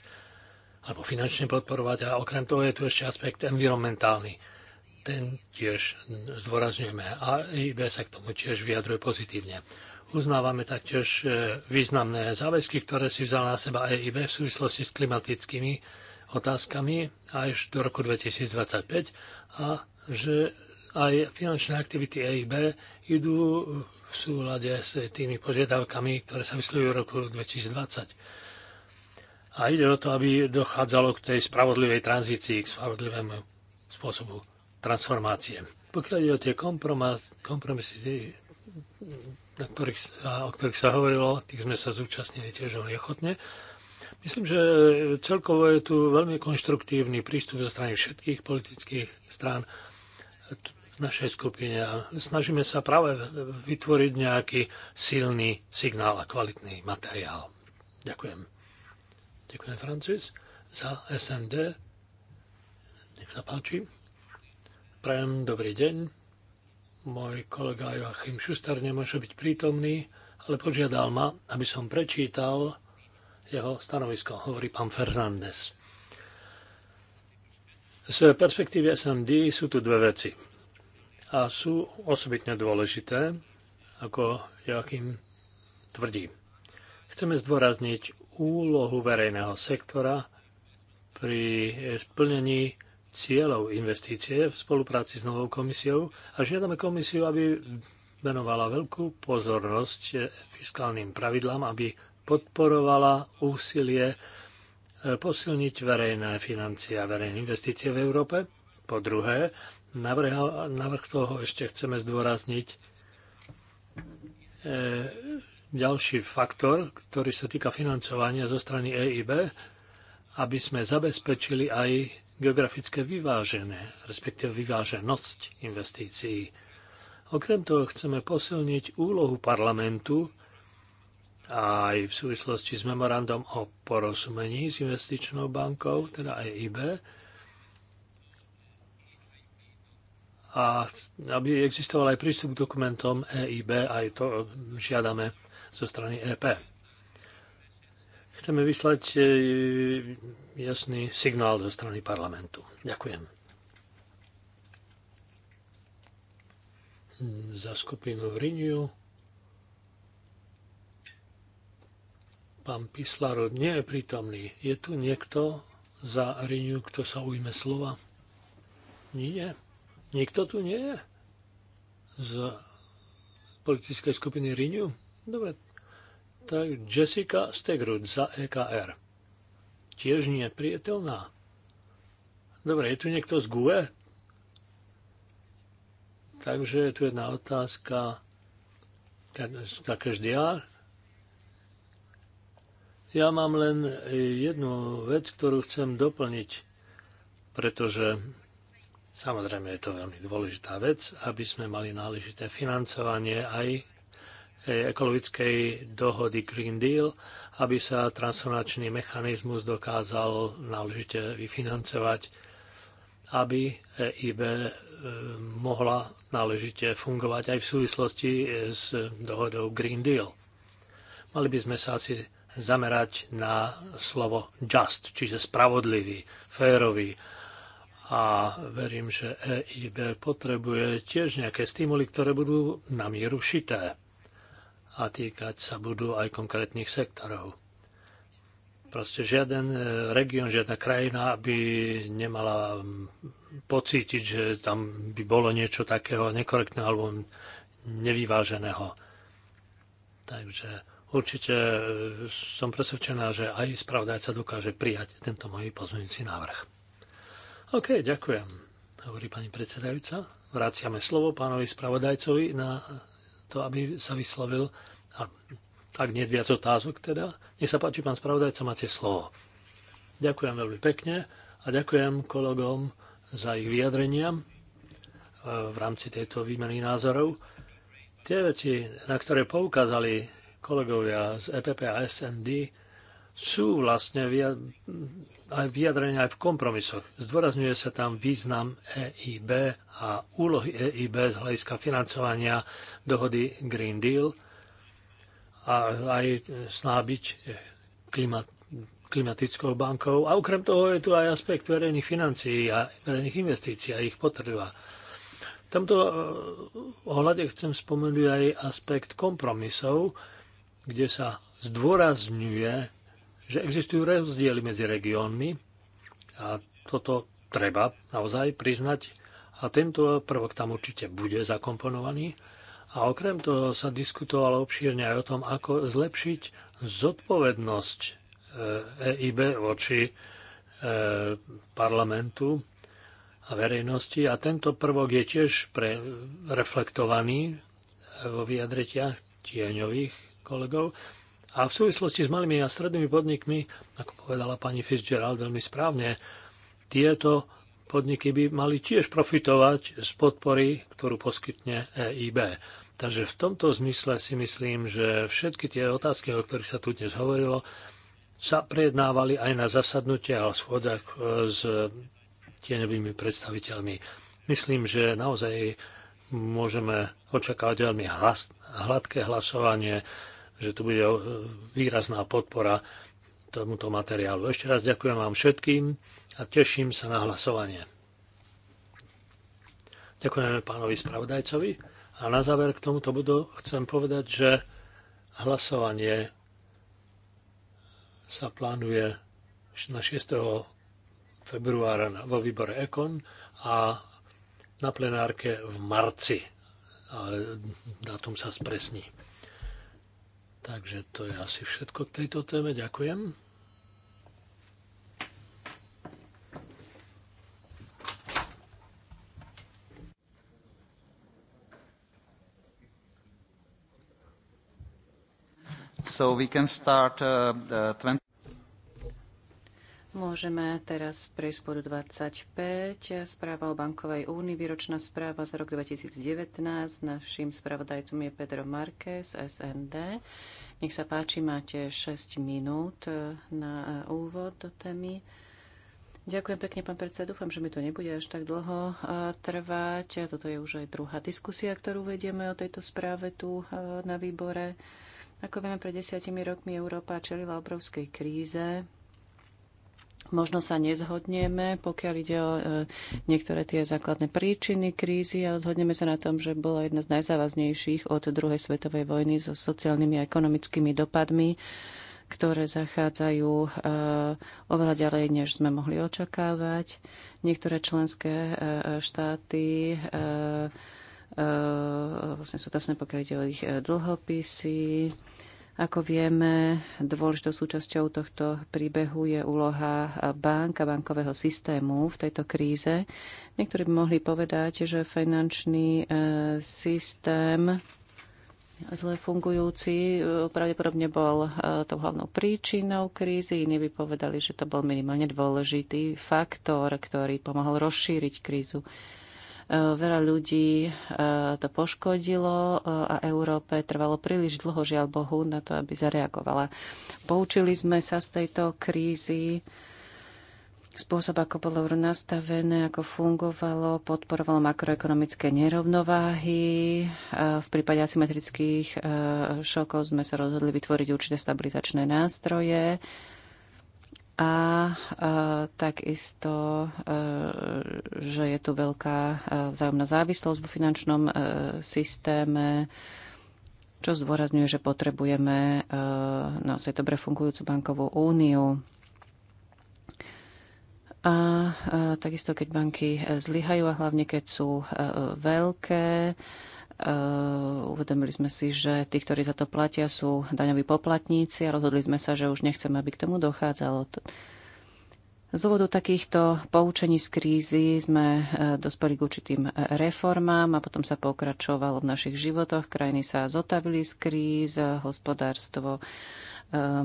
alebo finančne podporovať. A okrem toho je tu ešte aspekt environmentálny ten tiež zdôrazňujeme a IB sa k tomu tiež vyjadruje pozitívne. Uznávame taktiež e, významné záväzky, ktoré si vzala na seba EIB v súvislosti s klimatickými otázkami až do roku 2025 a že aj finančné aktivity EIB idú v súlade s tými požiadavkami, ktoré sa vyslujú v roku 2020. A ide o to, aby dochádzalo k tej spravodlivej tranzícii, k spravodlivému spôsobu transformácie. Pokiaľ ide o tie kompromisy, na ktorých, o ktorých sa hovorilo, tých sme sa zúčastnili tiež veľmi ochotne. Myslím, že celkovo je tu veľmi konštruktívny prístup zo strany všetkých politických strán v našej skupine a snažíme sa práve vytvoriť nejaký silný signál a kvalitný materiál. Ďakujem. Ďakujem, Francis, za SND. Nech sa páči. Prajem dobrý deň. Môj kolega Joachim Šuster nemôže byť prítomný, ale požiadal ma, aby som prečítal jeho stanovisko, hovorí pán Fernández. Z perspektívy SMD sú tu dve veci a sú osobitne dôležité, ako Joachim tvrdí. Chceme zdôrazniť úlohu verejného sektora pri splnení cieľov investície v spolupráci s novou komisiou a žiadame komisiu, aby venovala veľkú pozornosť fiskálnym pravidlám, aby podporovala úsilie e, posilniť verejné financie a verejné investície v Európe. Po druhé, navrh, toho ešte chceme zdôrazniť e, ďalší faktor, ktorý sa týka financovania zo strany EIB, aby sme zabezpečili aj geografické vyvážené, respektíve vyváženosť investícií. Okrem toho chceme posilniť úlohu parlamentu aj v súvislosti s memorandom o porozumení s investičnou bankou, teda EIB, a aby existoval aj prístup k dokumentom EIB, aj to žiadame zo strany EP. Chceme vyslať e, jasný signál zo strany parlamentu. Ďakujem. Za skupinu v Riniu pán Pislaro nie je prítomný. Je tu niekto za Riniu, kto sa ujme slova? Nie. Nikto tu nie je? Z politickej skupiny Riniu? Dobre, tak Jessica Stegrud za EKR. Tiež nie je prietelná. Dobre, je tu niekto z GUE? Takže je tu jedna otázka na ja. Ja mám len jednu vec, ktorú chcem doplniť, pretože samozrejme je to veľmi dôležitá vec, aby sme mali náležité financovanie aj ekologickej dohody Green Deal, aby sa transformačný mechanizmus dokázal náležite vyfinancovať, aby EIB e, mohla náležite fungovať aj v súvislosti e, s dohodou Green Deal. Mali by sme sa asi zamerať na slovo just, čiže spravodlivý, férový. A verím, že EIB potrebuje tiež nejaké stimuly, ktoré budú na mieru šité a týkať sa budú aj konkrétnych sektorov. Proste žiaden e, región, žiadna krajina by nemala pocítiť, že tam by bolo niečo takého nekorektného alebo nevyváženého. Takže určite e, som presvedčená, že aj spravodajca dokáže prijať tento môj pozmeňujúci návrh. OK, ďakujem, hovorí pani predsedajúca. Vraciame slovo pánovi spravodajcovi na to, aby sa vyslovil. A ak nie viac otázok teda, nech sa páči, pán spravodajca, máte slovo. Ďakujem veľmi pekne a ďakujem kolegom za ich vyjadrenia e, v rámci tejto výmeny názorov. Tie veci, na ktoré poukázali kolegovia z EPP a SND, sú vlastne aj vyjadrenia aj v kompromisoch. Zdôrazňuje sa tam význam EIB a úlohy EIB z hľadiska financovania dohody Green Deal a aj snábiť klimat, klimatickou bankou. A okrem toho je tu aj aspekt verejných financií a verejných investícií a ich potreba. V tomto e, ohľade chcem spomenúť aj aspekt kompromisov, kde sa zdôrazňuje že existujú rozdiely medzi regiónmi a toto treba naozaj priznať a tento prvok tam určite bude zakomponovaný. A okrem toho sa diskutovalo obšírne aj o tom, ako zlepšiť zodpovednosť EIB e voči e, parlamentu a verejnosti. A tento prvok je tiež pre, reflektovaný e, vo vyjadretiach tieňových kolegov. A v súvislosti s malými a strednými podnikmi, ako povedala pani Fitzgerald veľmi správne, tieto podniky by mali tiež profitovať z podpory, ktorú poskytne EIB. Takže v tomto zmysle si myslím, že všetky tie otázky, o ktorých sa tu dnes hovorilo, sa prejednávali aj na zasadnutiach a schodách e, s tieňovými predstaviteľmi. Myslím, že naozaj môžeme očakávať veľmi hladké hlasovanie že tu bude e, výrazná podpora tomuto materiálu. Ešte raz ďakujem vám všetkým a teším sa na hlasovanie. Ďakujeme pánovi spravodajcovi a na záver k tomuto bodu chcem povedať, že hlasovanie sa plánuje na 6. februára vo výbore EKON a na plenárke v marci. A datum sa spresní. Takže to je asi všetko k tejto téme. Ďakujem. So we can start uh, the 20 Môžeme teraz prejsť bodu 25. Správa o bankovej únii, výročná správa za rok 2019. Naším spravodajcom je Pedro Marquez, SND. Nech sa páči, máte 6 minút e, na e, úvod do témy. Ďakujem pekne, pán predseda. Dúfam, že mi to nebude až tak dlho e, trvať. Toto je už aj druhá diskusia, ktorú vedieme o tejto správe tu na výbore. Ako vieme, pred desiatimi rokmi Európa čelila obrovskej kríze, Možno sa nezhodneme, pokiaľ ide o e, niektoré tie základné príčiny krízy, ale zhodneme sa na tom, že bola jedna z najzávaznejších od druhej svetovej vojny so sociálnymi a ekonomickými dopadmi, ktoré zachádzajú e, oveľa ďalej, než sme mohli očakávať. Niektoré členské e, štáty vlastne sú tasné, pokiaľ ide o ich dlhopisy, ako vieme, dôležitou súčasťou tohto príbehu je úloha bank a bankového systému v tejto kríze. Niektorí by mohli povedať, že finančný e, systém zle fungujúci e, pravdepodobne bol e, tou hlavnou príčinou krízy. Iní by povedali, že to bol minimálne dôležitý faktor, ktorý pomohol rozšíriť krízu. Eh, veľa ľudí eh, to poškodilo eh, a Európe trvalo príliš dlho, žiaľ Bohu, na to, aby zareagovala. Poučili sme sa z tejto krízy spôsob, ako bolo nastavené, ako fungovalo, podporovalo makroekonomické nerovnováhy. V prípade asymetrických šokov sme sa rozhodli vytvoriť určité stabilizačné nástroje a e, takisto, e, že je tu veľká e, vzájomná závislosť vo finančnom e, systéme, čo zdôrazňuje, že potrebujeme e, naozaj dobre fungujúcu bankovú úniu. A e, takisto, keď banky e, zlyhajú a hlavne keď sú e, veľké, e, Eh, uvedomili sme si, že tí, ktorí za to platia, sú daňoví poplatníci a rozhodli sme sa, že už nechceme, aby k tomu dochádzalo. Z dôvodu takýchto poučení z krízy sme eh, dospeli k určitým eh, reformám a potom sa pokračovalo v našich životoch. Krajiny sa zotavili z kríz, hospodárstvo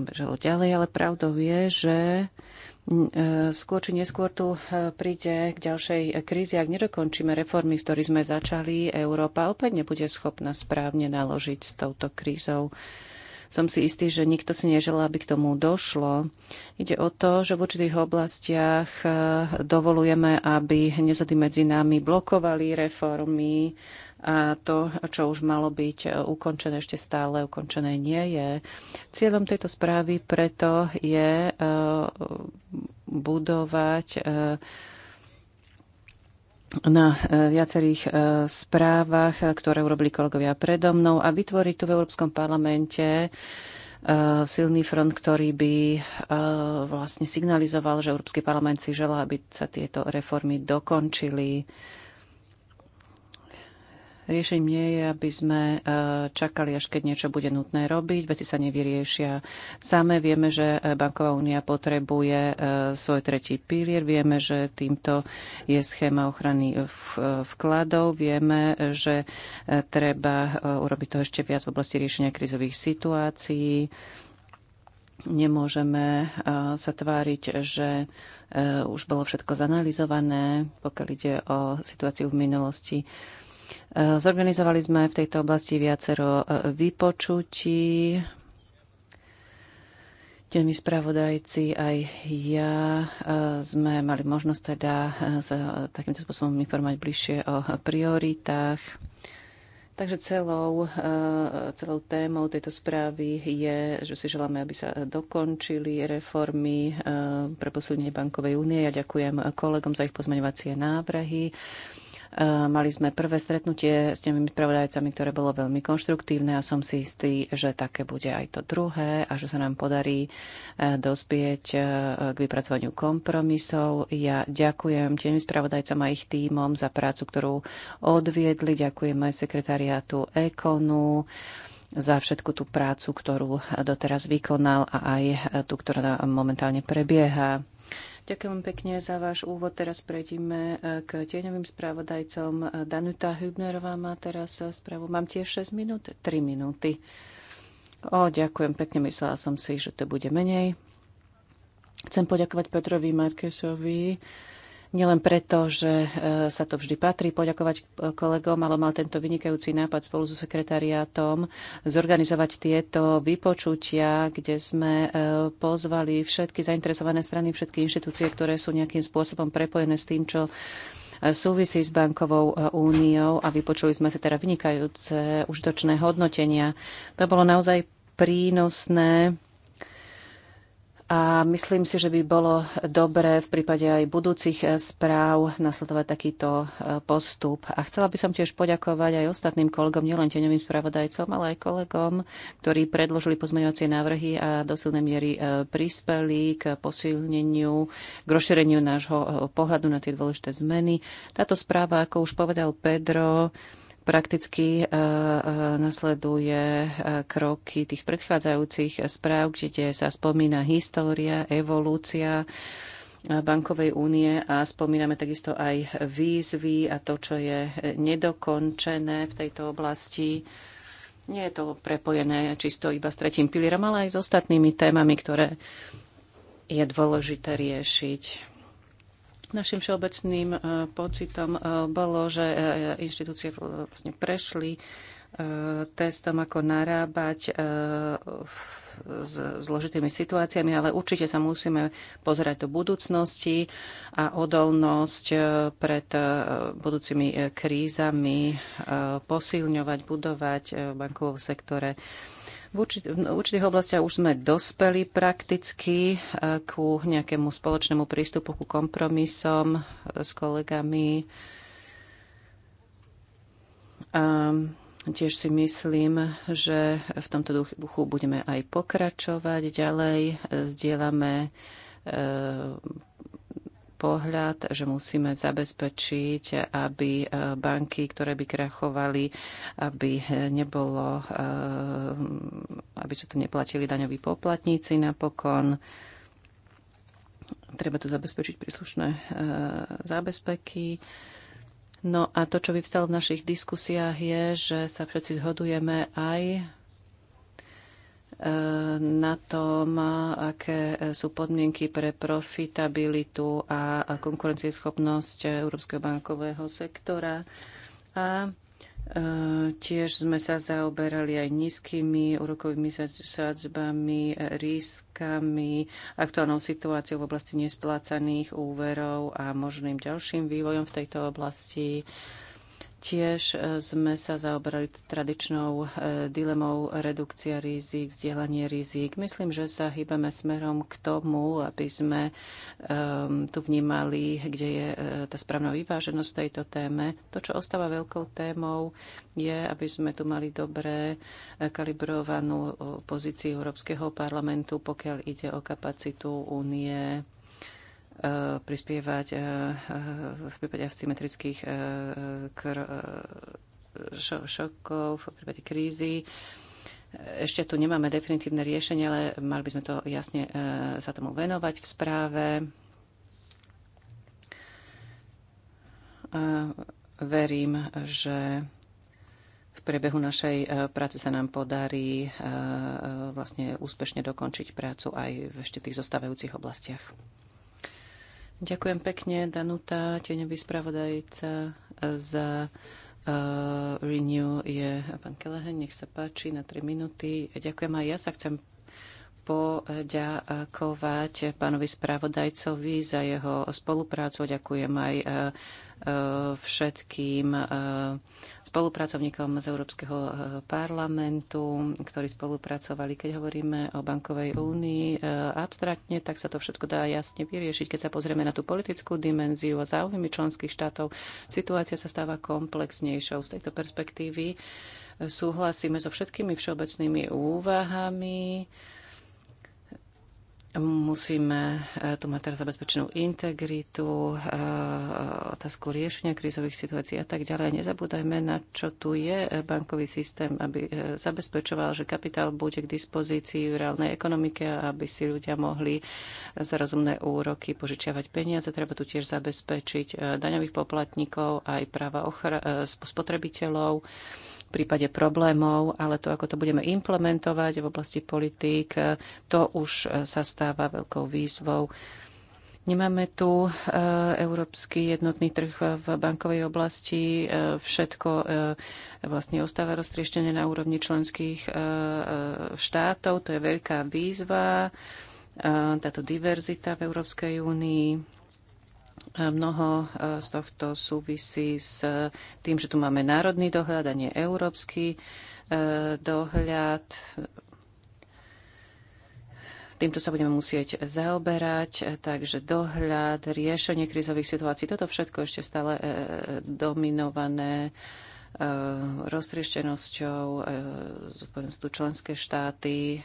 bežalo ďalej, ale pravdou je, že E, skôr či neskôr tu e, príde k ďalšej krízi, ak nedokončíme reformy, v ktorých sme začali, Európa opäť nebude schopná správne naložiť s touto krízou. Som si istý, že nikto si neželá, aby k tomu došlo. Ide o to, že v určitých oblastiach e, dovolujeme, aby nezhody medzi nami blokovali reformy a to, čo už malo byť e, ukončené, ešte stále ukončené nie je. Cieľom tejto správy preto je e, budovať e, na viacerých správach, ktoré urobili kolegovia predo mnou a vytvoriť tu v Európskom parlamente silný front, ktorý by vlastne signalizoval, že Európsky parlament si želá, aby sa tieto reformy dokončili Riešením nie je, aby sme eh, čakali, až keď niečo bude nutné robiť. Veci sa nevyriešia samé. Vieme, že eh, Banková únia potrebuje eh, svoj tretí pilier. Vieme, že týmto je schéma ochrany vkladov. Vieme, že treba urobiť to ešte viac v oblasti riešenia krizových situácií nemôžeme sa tváriť, že už bolo všetko zanalizované, pokiaľ ide o situáciu v minulosti. Eh, zorganizovali sme v tejto oblasti viacero eh, vypočutí. Tými spravodajci aj ja eh, sme mali možnosť teda sa takýmto spôsobom informovať bližšie o prioritách. Takže celou, celou témou tejto správy je, že si želáme, aby sa dokončili reformy pre posilnenie bankovej únie. Ja ďakujem kolegom za ich pozmeňovacie návrhy. E, mali sme prvé stretnutie s tými spravodajcami, ktoré bolo veľmi konštruktívne a som si istý, že také bude aj to druhé a že sa nám podarí e, dospieť e, k vypracovaniu kompromisov. Ja ďakujem tým spravodajcom a ich týmom za prácu, ktorú odviedli. Ďakujem aj sekretariátu Ekonu za všetku tú prácu, ktorú doteraz vykonal a aj tú, ktorá momentálne prebieha. Ďakujem pekne za váš úvod. Teraz prejdeme e, k tieňovým správodajcom. E, Danuta Hübnerová má teraz e, správu. Mám tiež 6 minút? 3 minúty. O, ďakujem pekne. Myslela som si, že to bude menej. Chcem poďakovať Petrovi Markesovi Nielen preto, že e, sa to vždy patrí poďakovať e, kolegom, ale mal tento vynikajúci nápad spolu so sekretariátom zorganizovať tieto vypočutia, kde sme e, pozvali všetky zainteresované strany, všetky inštitúcie, ktoré sú nejakým spôsobom prepojené s tým, čo súvisí s bankovou úniou a vypočuli sme si teda vynikajúce užitočné hodnotenia. To bolo naozaj prínosné a myslím si, že by bolo dobré v prípade aj budúcich eh, správ nasledovať takýto eh, postup. A chcela by som tiež poďakovať aj ostatným kolegom, nielen teňovým spravodajcom, ale aj kolegom, ktorí predložili pozmeňovacie návrhy a do silnej miery eh, prispeli k posilneniu, k rozšíreniu nášho pohľadu na tie dôležité zmeny. Táto správa, ako už povedal Pedro, prakticky e, e, nasleduje e, kroky tých predchádzajúcich správ, kde sa spomína história, evolúcia bankovej únie a spomíname takisto aj výzvy a to, čo je nedokončené v tejto oblasti. Nie je to prepojené čisto iba s tretím pilierom, ale aj s ostatnými témami, ktoré je dôležité riešiť. Našim všeobecným e, pocitom e, bolo, že e, inštitúcie vlastne prešli testom, ako narábať s zložitými situáciami, ale určite sa musíme pozerať do budúcnosti a odolnosť pred budúcimi krízami posilňovať, budovať v bankovom sektore v, určit- v určitých oblastiach už sme dospeli prakticky e, ku nejakému spoločnému prístupu, ku kompromisom e, s kolegami. A tiež si myslím, že v tomto duchu budeme aj pokračovať ďalej. E, zdieľame pohľad, že musíme zabezpečiť, aby e, banky, ktoré by krachovali, aby nebolo, e, aby sa to neplatili daňoví poplatníci napokon. Treba tu zabezpečiť príslušné e, zábezpeky. No a to, čo vyvstalo v našich diskusiách, je, že sa všetci zhodujeme aj na tom, aké sú podmienky pre profitabilitu a konkurencieschopnosť Európskeho bankového sektora. A e, Tiež sme sa zaoberali aj nízkymi úrokovými sadzbami, riskami, aktuálnou situáciou v oblasti nesplácaných úverov a možným ďalším vývojom v tejto oblasti. Tiež e, sme sa zaoberali tradičnou e, dilemou redukcia rizik, zdieľanie rizik. Myslím, že sa hýbame smerom k tomu, aby sme um, tu vnímali, kde je e, tá správna vyváženosť v tejto téme. To, čo ostáva veľkou témou, je, aby sme tu mali dobre kalibrovanú pozíciu Európskeho parlamentu, pokiaľ ide o kapacitu únie Eh, prispievať eh, eh, v prípade symetrických šokov, v prípade krízy. Ešte tu nemáme definitívne riešenie, ale mali by sme to jasne sa tomu venovať v správe. verím, že v priebehu našej práce sa nám podarí vlastne úspešne dokončiť prácu aj v ešte tých zostávajúcich oblastiach. Ďakujem pekne, Danuta, tieňový spravodajca za Uh, Renew je pán Kelehen, nech sa páči na 3 minúty. Ďakujem aj ja sa chcem poďakovať pánovi spravodajcovi za jeho spoluprácu. Ďakujem aj e, e, všetkým e, spolupracovníkom z Európskeho parlamentu, ktorí spolupracovali. Keď hovoríme o bankovej únii abstraktne, tak sa to všetko dá jasne vyriešiť. Keď sa pozrieme na tú politickú dimenziu a záujmy členských štátov, situácia sa stáva komplexnejšou. Z tejto perspektívy súhlasíme so všetkými všeobecnými úvahami, Musíme e, tu mať teraz zabezpečenú integritu, e, otázku riešenia krízových situácií a tak ďalej. Nezabúdajme, na čo tu je bankový systém, aby e, zabezpečoval, že kapitál bude k dispozícii v reálnej ekonomike aby si ľudia mohli za rozumné úroky požičiavať peniaze. Treba tu tiež zabezpečiť daňových poplatníkov aj práva spotrebiteľov prípade problémov, ale to, ako to budeme implementovať v oblasti politík, to už e, sa stáva veľkou výzvou. Nemáme tu e, európsky jednotný trh v bankovej oblasti. E, všetko vlastne ostáva roztrieštené na úrovni členských štátov. To je veľká výzva, táto diverzita v Európskej únii Mnoho e, z tohto súvisí s e, tým, že tu máme národný dohľad a nie európsky e, dohľad. Týmto sa budeme musieť zaoberať, takže dohľad, riešenie krizových situácií, toto všetko ešte stále dominované roztrieštenosťou, členské štáty,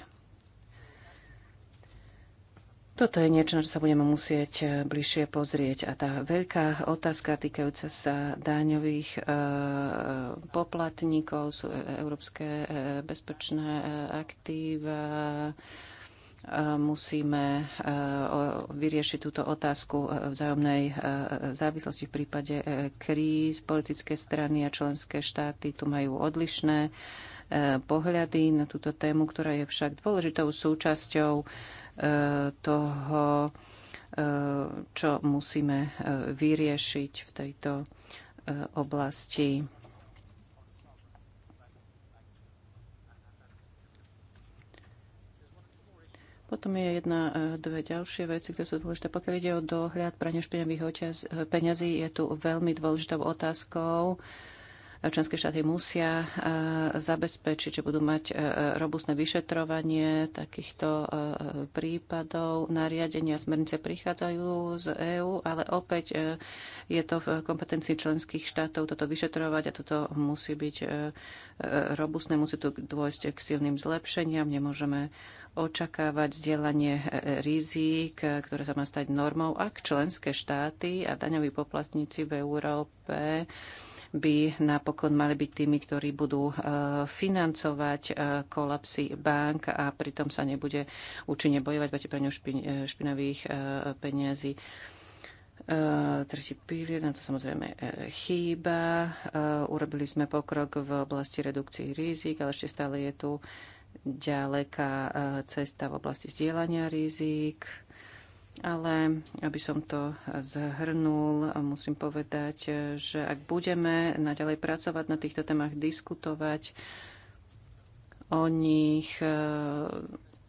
toto je niečo, na čo sa budeme musieť e, bližšie pozrieť. A tá veľká otázka týkajúca sa daňových e, e, poplatníkov sú európske bezpečné aktíva, musíme eh, vyriešiť túto otázku eh, vzájomnej eh, závislosti v prípade kríz. Politické strany a členské štáty tu majú odlišné pohľady na túto tému, ktorá je však dôležitou súčasťou toho, čo musíme vyriešiť v tejto oblasti. Potom je jedna, eh, dve ďalšie veci, ktoré sú dôležité. Pokiaľ ide o dohľad pre špinavých eh, peňazí, je tu veľmi dôležitou otázkou Členské štáty musia e, zabezpečiť, že budú mať e, robustné vyšetrovanie takýchto e, prípadov. Nariadenia smernice prichádzajú z EÚ, ale opäť je to v kompetencii členských štátov toto vyšetrovať a toto musí byť robustné, musí tu dôjsť k silným zlepšeniam. Nemôžeme očakávať zdieľanie rizík, ktoré sa má stať normou, ak členské štáty a daňoví poplatníci v Európe by napokon mali byť tými, ktorí budú e, financovať e, kolapsy bank a pritom sa nebude účinne bojovať proti praniu e, špinavých peniazí. tretí pilier, na to samozrejme chýba. urobili sme pokrok v oblasti redukcií rizik, ale ešte stále je tu ďaleká cesta v oblasti zdieľania rizik ale aby som to zhrnul, musím povedať, že ak budeme naďalej pracovať na týchto témach, diskutovať o nich, e,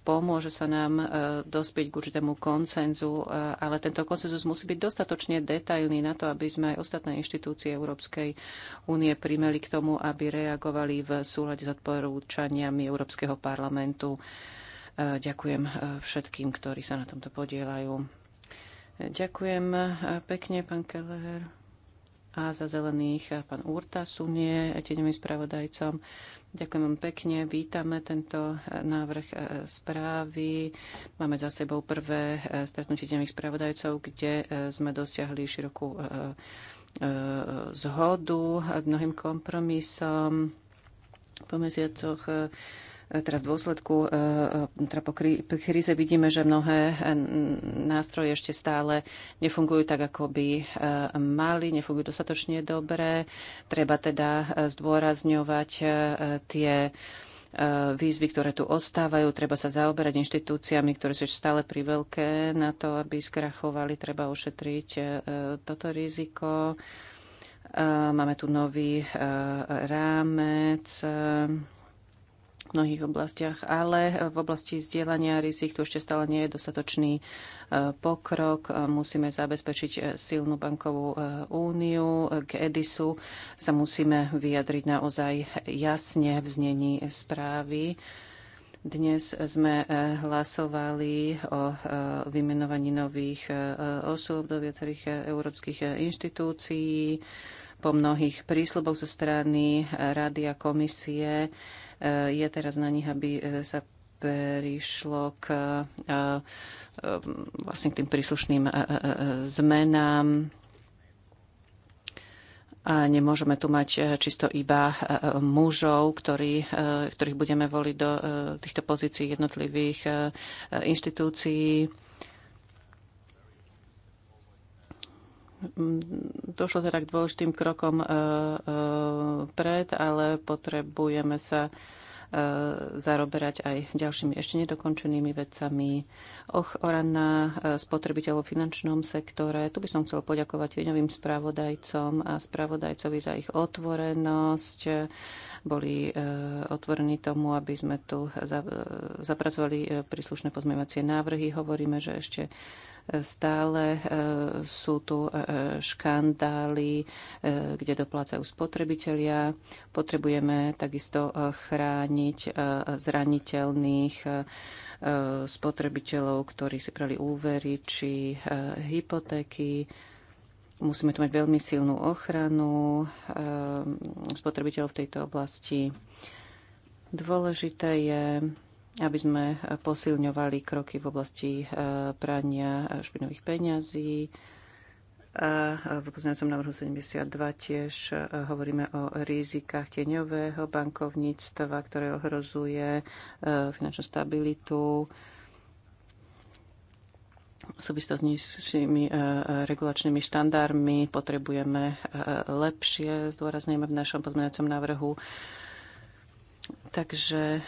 pomôže sa nám e, dospieť k určitému koncenzu, e, ale tento koncenzus musí byť dostatočne detailný na to, aby sme aj ostatné inštitúcie Európskej únie primeli k tomu, aby reagovali v súlade s odporúčaniami Európskeho parlamentu Eh, ďakujem eh, všetkým, ktorí sa na tomto podielajú. Eh, ďakujem pekne, pán Keller. A za zelených pán Urta nie tieňovým spravodajcom. Ďakujem vám pekne. Vítame tento návrh správy. Máme za sebou prvé stretnutie tieňových spravodajcov, kde sme dosiahli širokú zhodu k mnohým kompromisom po mesiacoch teda v dôsledku e, e, teda po kríze vidíme, že mnohé e, nástroje ešte stále nefungujú tak, ako by mali, nefungujú dostatočne dobre. Treba teda zdôrazňovať tie výzvy, ktoré tu ostávajú. Treba sa zaoberať inštitúciami, ktoré sú stále priveľké na to, aby skrachovali. Treba ošetriť toto riziko. Máme tu nový rámec v mnohých oblastiach, ale v oblasti zdieľania rizik tu ešte stále nie je dostatočný e, pokrok. E, musíme zabezpečiť e, silnú bankovú úniu. K Edisu sa musíme vyjadriť naozaj jasne v znení správy. Dnes sme hlasovali o vymenovaní nových osôb do viacerých európskych inštitúcií po mnohých prísľuboch zo strany Rady a komisie je teraz na nich, aby e, sa prišlo k, e, e, vlastne k tým príslušným zmenám. A nemôžeme tu mať čisto iba mužov, ktorý, ktorých budeme voliť do týchto pozícií jednotlivých inštitúcií Došlo teda k dôležitým krokom e, e, pred, ale potrebujeme sa e, zaoberať aj ďalšími ešte nedokončenými vecami. Och, Orana, spotrebiteľov v finančnom sektore. Tu by som chcel poďakovať tieňovým spravodajcom a spravodajcovi za ich otvorenosť. Boli otvorení tomu, aby sme tu zapracovali príslušné pozmievacie návrhy. Hovoríme, že ešte Stále e, sú tu e, e, škandály, kde doplácajú spotrebitelia. Potrebujeme takisto chrániť zraniteľných spotrebiteľov, ktorí si brali úvery či hypotéky. Musíme tu mať veľmi silnú ochranu spotrebiteľov v tejto oblasti. Dôležité je aby sme eh, posilňovali kroky v oblasti eh, prania eh, špinových peňazí. A v poznácom návrhu 72 tiež hovoríme o rizikách tieňového bankovníctva, ktoré ohrozuje finančnú stabilitu súvisí s nižšími regulačnými štandardmi. Potrebujeme lepšie, zdôrazňujeme v našom pozmeňovacom návrhu. Takže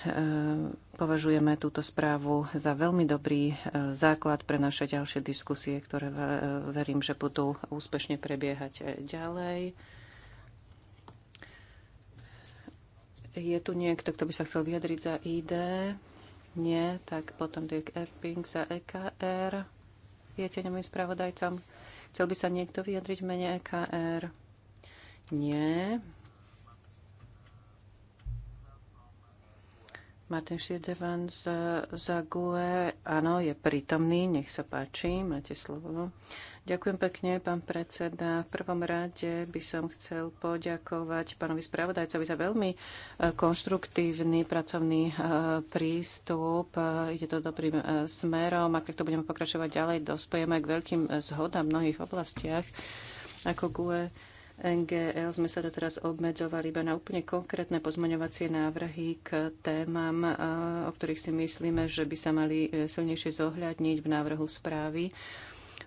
Považujeme túto správu za veľmi dobrý e, základ pre naše ďalšie diskusie, ktoré e, verím, že budú úspešne prebiehať e, ďalej. Je tu niekto, kto by sa chcel vyjadriť za ID? Nie, tak potom Dirk Epping za EKR. Viete, nemým spravodajcom. Chcel by sa niekto vyjadriť v mene EKR? Nie. Martin Šiedevan z za GUE. Áno, je prítomný, nech sa páči, máte slovo. Ďakujem pekne, pán predseda. V prvom rade by som chcel poďakovať pánovi spravodajcovi za veľmi e, konštruktívny pracovný e, prístup. Ide to dobrým e, smerom a keď to budeme pokračovať ďalej, dospojeme k veľkým zhodám v mnohých oblastiach ako GUE NGL sme sa doteraz obmedzovali iba na úplne konkrétne pozmeňovacie návrhy k témam, o ktorých si myslíme, že by sa mali e, silnejšie zohľadniť v návrhu správy.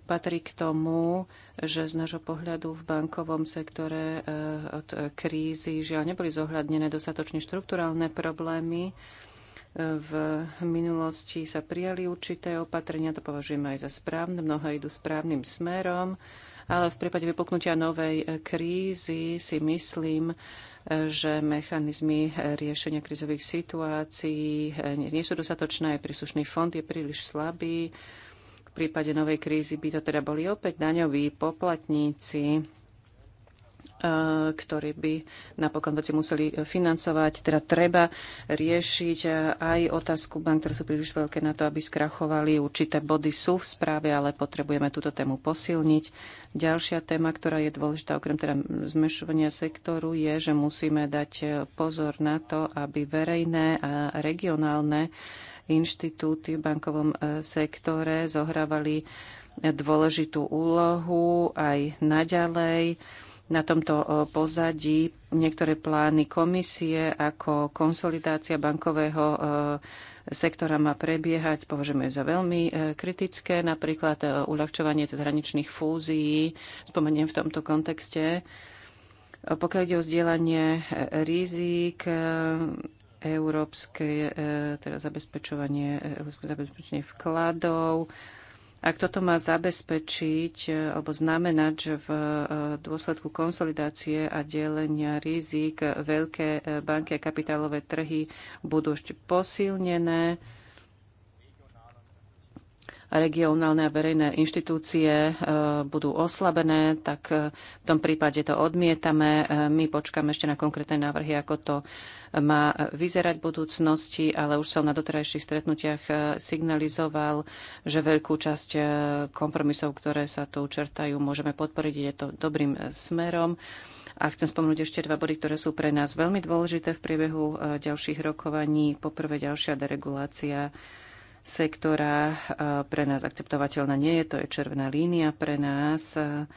Patrí k tomu, že z nášho pohľadu v bankovom sektore e, od krízy žiaľ neboli zohľadnené dostatočne štruktúralne problémy. E, v minulosti sa prijali určité opatrenia, to považujeme aj za správne, mnohé idú správnym smerom ale v prípade vypuknutia novej e, krízy si myslím, e, že mechanizmy e, riešenia krizových situácií nie sú dostatočné, príslušný fond je príliš slabý. V prípade novej krízy by to teda boli opäť daňoví poplatníci, E, ktorý by napokon veci museli financovať. Teda treba riešiť aj otázku bank, ktoré sú príliš veľké na to, aby skrachovali. Určité body sú v správe, ale potrebujeme túto tému posilniť. Ďalšia téma, ktorá je dôležitá okrem teda zmešovania sektoru, je, že musíme dať pozor na to, aby verejné a regionálne inštitúty v bankovom e, sektore zohrávali dôležitú úlohu aj naďalej na tomto pozadí niektoré plány komisie, ako konsolidácia bankového sektora má prebiehať, považujeme za veľmi e, kritické, napríklad e, uľahčovanie cezhraničných fúzií, spomeniem v tomto kontexte. Pokiaľ ide o zdieľanie e, rizik, európske, teda zabezpečovanie, zabezpečenie vkladov, ak toto má zabezpečiť e, alebo znamenať, že v e, dôsledku konsolidácie a delenia rizik e, veľké banky a kapitálové trhy budú ešte posilnené regionálne a verejné inštitúcie e, budú oslabené, tak e, v tom prípade to odmietame. E, my počkáme ešte na konkrétne návrhy, ako to má vyzerať v budúcnosti, ale už som na doterajších stretnutiach signalizoval, že veľkú časť kompromisov, ktoré sa tu učertajú, môžeme podporiť. Je to dobrým smerom. A chcem spomenúť ešte dva body, ktoré sú pre nás veľmi dôležité v priebehu ďalších rokovaní. Poprvé ďalšia deregulácia sektora e, pre nás akceptovateľná nie je. To je červená línia pre nás. E,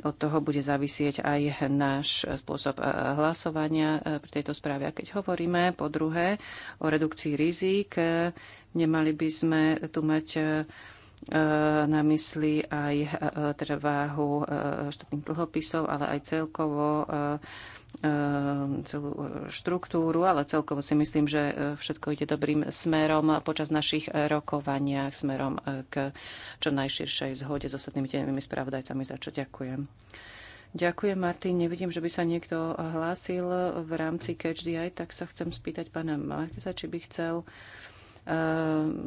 od toho bude závisieť aj náš spôsob e, hlasovania pri tejto správe. A keď hovoríme po druhé o redukcii rizík, nemali by sme tu mať na mysli aj teda váhu štátnych dlhopisov, ale aj celkovo Ehm, celú e, štruktúru, ale celkovo si myslím, že e, všetko ide dobrým smerom počas našich rokovaniach, smerom e, k čo najširšej zhode s ostatnými tenými spravodajcami, za čo ďakujem. Ďakujem, Martin. Nevidím, že by sa niekto hlásil v rámci CatchDI, tak sa chcem spýtať pána Markeza, či by chcel uh, Eh,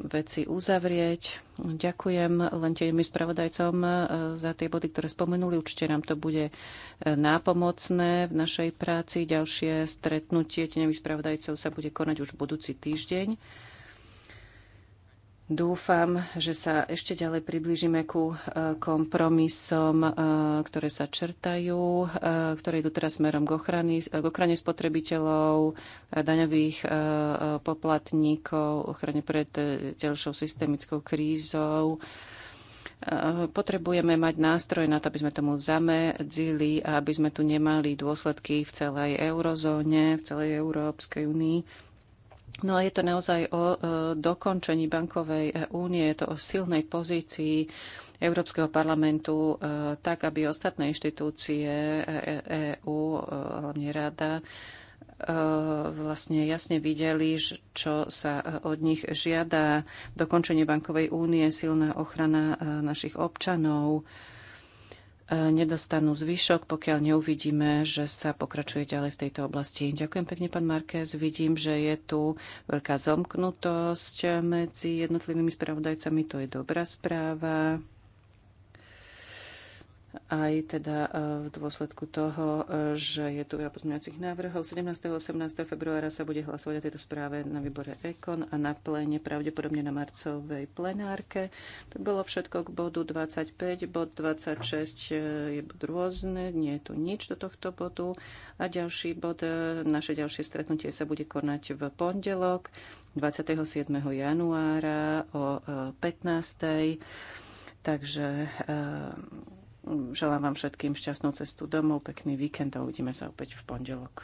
veci uzavrieť. Ďakujem len tým spravodajcom eh, za tie body, ktoré spomenuli. Určite nám to bude eh, nápomocné v našej práci. Ďalšie stretnutie tým spravodajcov sa bude konať už v budúci týždeň. Dúfam, že sa ešte ďalej priblížime ku e, kompromisom, e, ktoré sa črtajú, e, ktoré idú teraz smerom k, ochrany, k ochrane spotrebiteľov, daňových poplatníkov, ochrane pred ďalšou systemickou krízou. Potrebujeme mať nástroj na to, aby sme tomu zamedzili a aby sme tu nemali dôsledky v celej eurozóne, v celej Európskej únii No a je to naozaj o e, dokončení bankovej e, únie, je to o silnej pozícii Európskeho parlamentu, e, tak aby ostatné inštitúcie EÚ, hlavne rada, vlastne jasne videli, čo sa od nich žiada. Dokončenie bankovej únie, silná ochrana našich občanov, E, nedostanú zvyšok, pokiaľ neuvidíme, že sa pokračuje ďalej v tejto oblasti. Ďakujem pekne, pán Markez. Vidím, že je tu veľká zomknutosť medzi jednotlivými spravodajcami. To je dobrá správa aj teda e, v dôsledku toho, e, že je tu veľa pozmeňujúcich návrhov. 17. a 18. februára sa bude hlasovať o tejto správe na výbore EKON a na pléne pravdepodobne na marcovej plenárke. To bolo všetko k bodu 25. Bod 26 e, je bod rôzne, nie je tu nič do tohto bodu. A ďalší bod, naše ďalšie stretnutie sa bude konať v pondelok 27. januára o 15. Takže Želám vám všetkým šťastnú cestu domov, pekný víkend a uvidíme sa opäť v pondelok.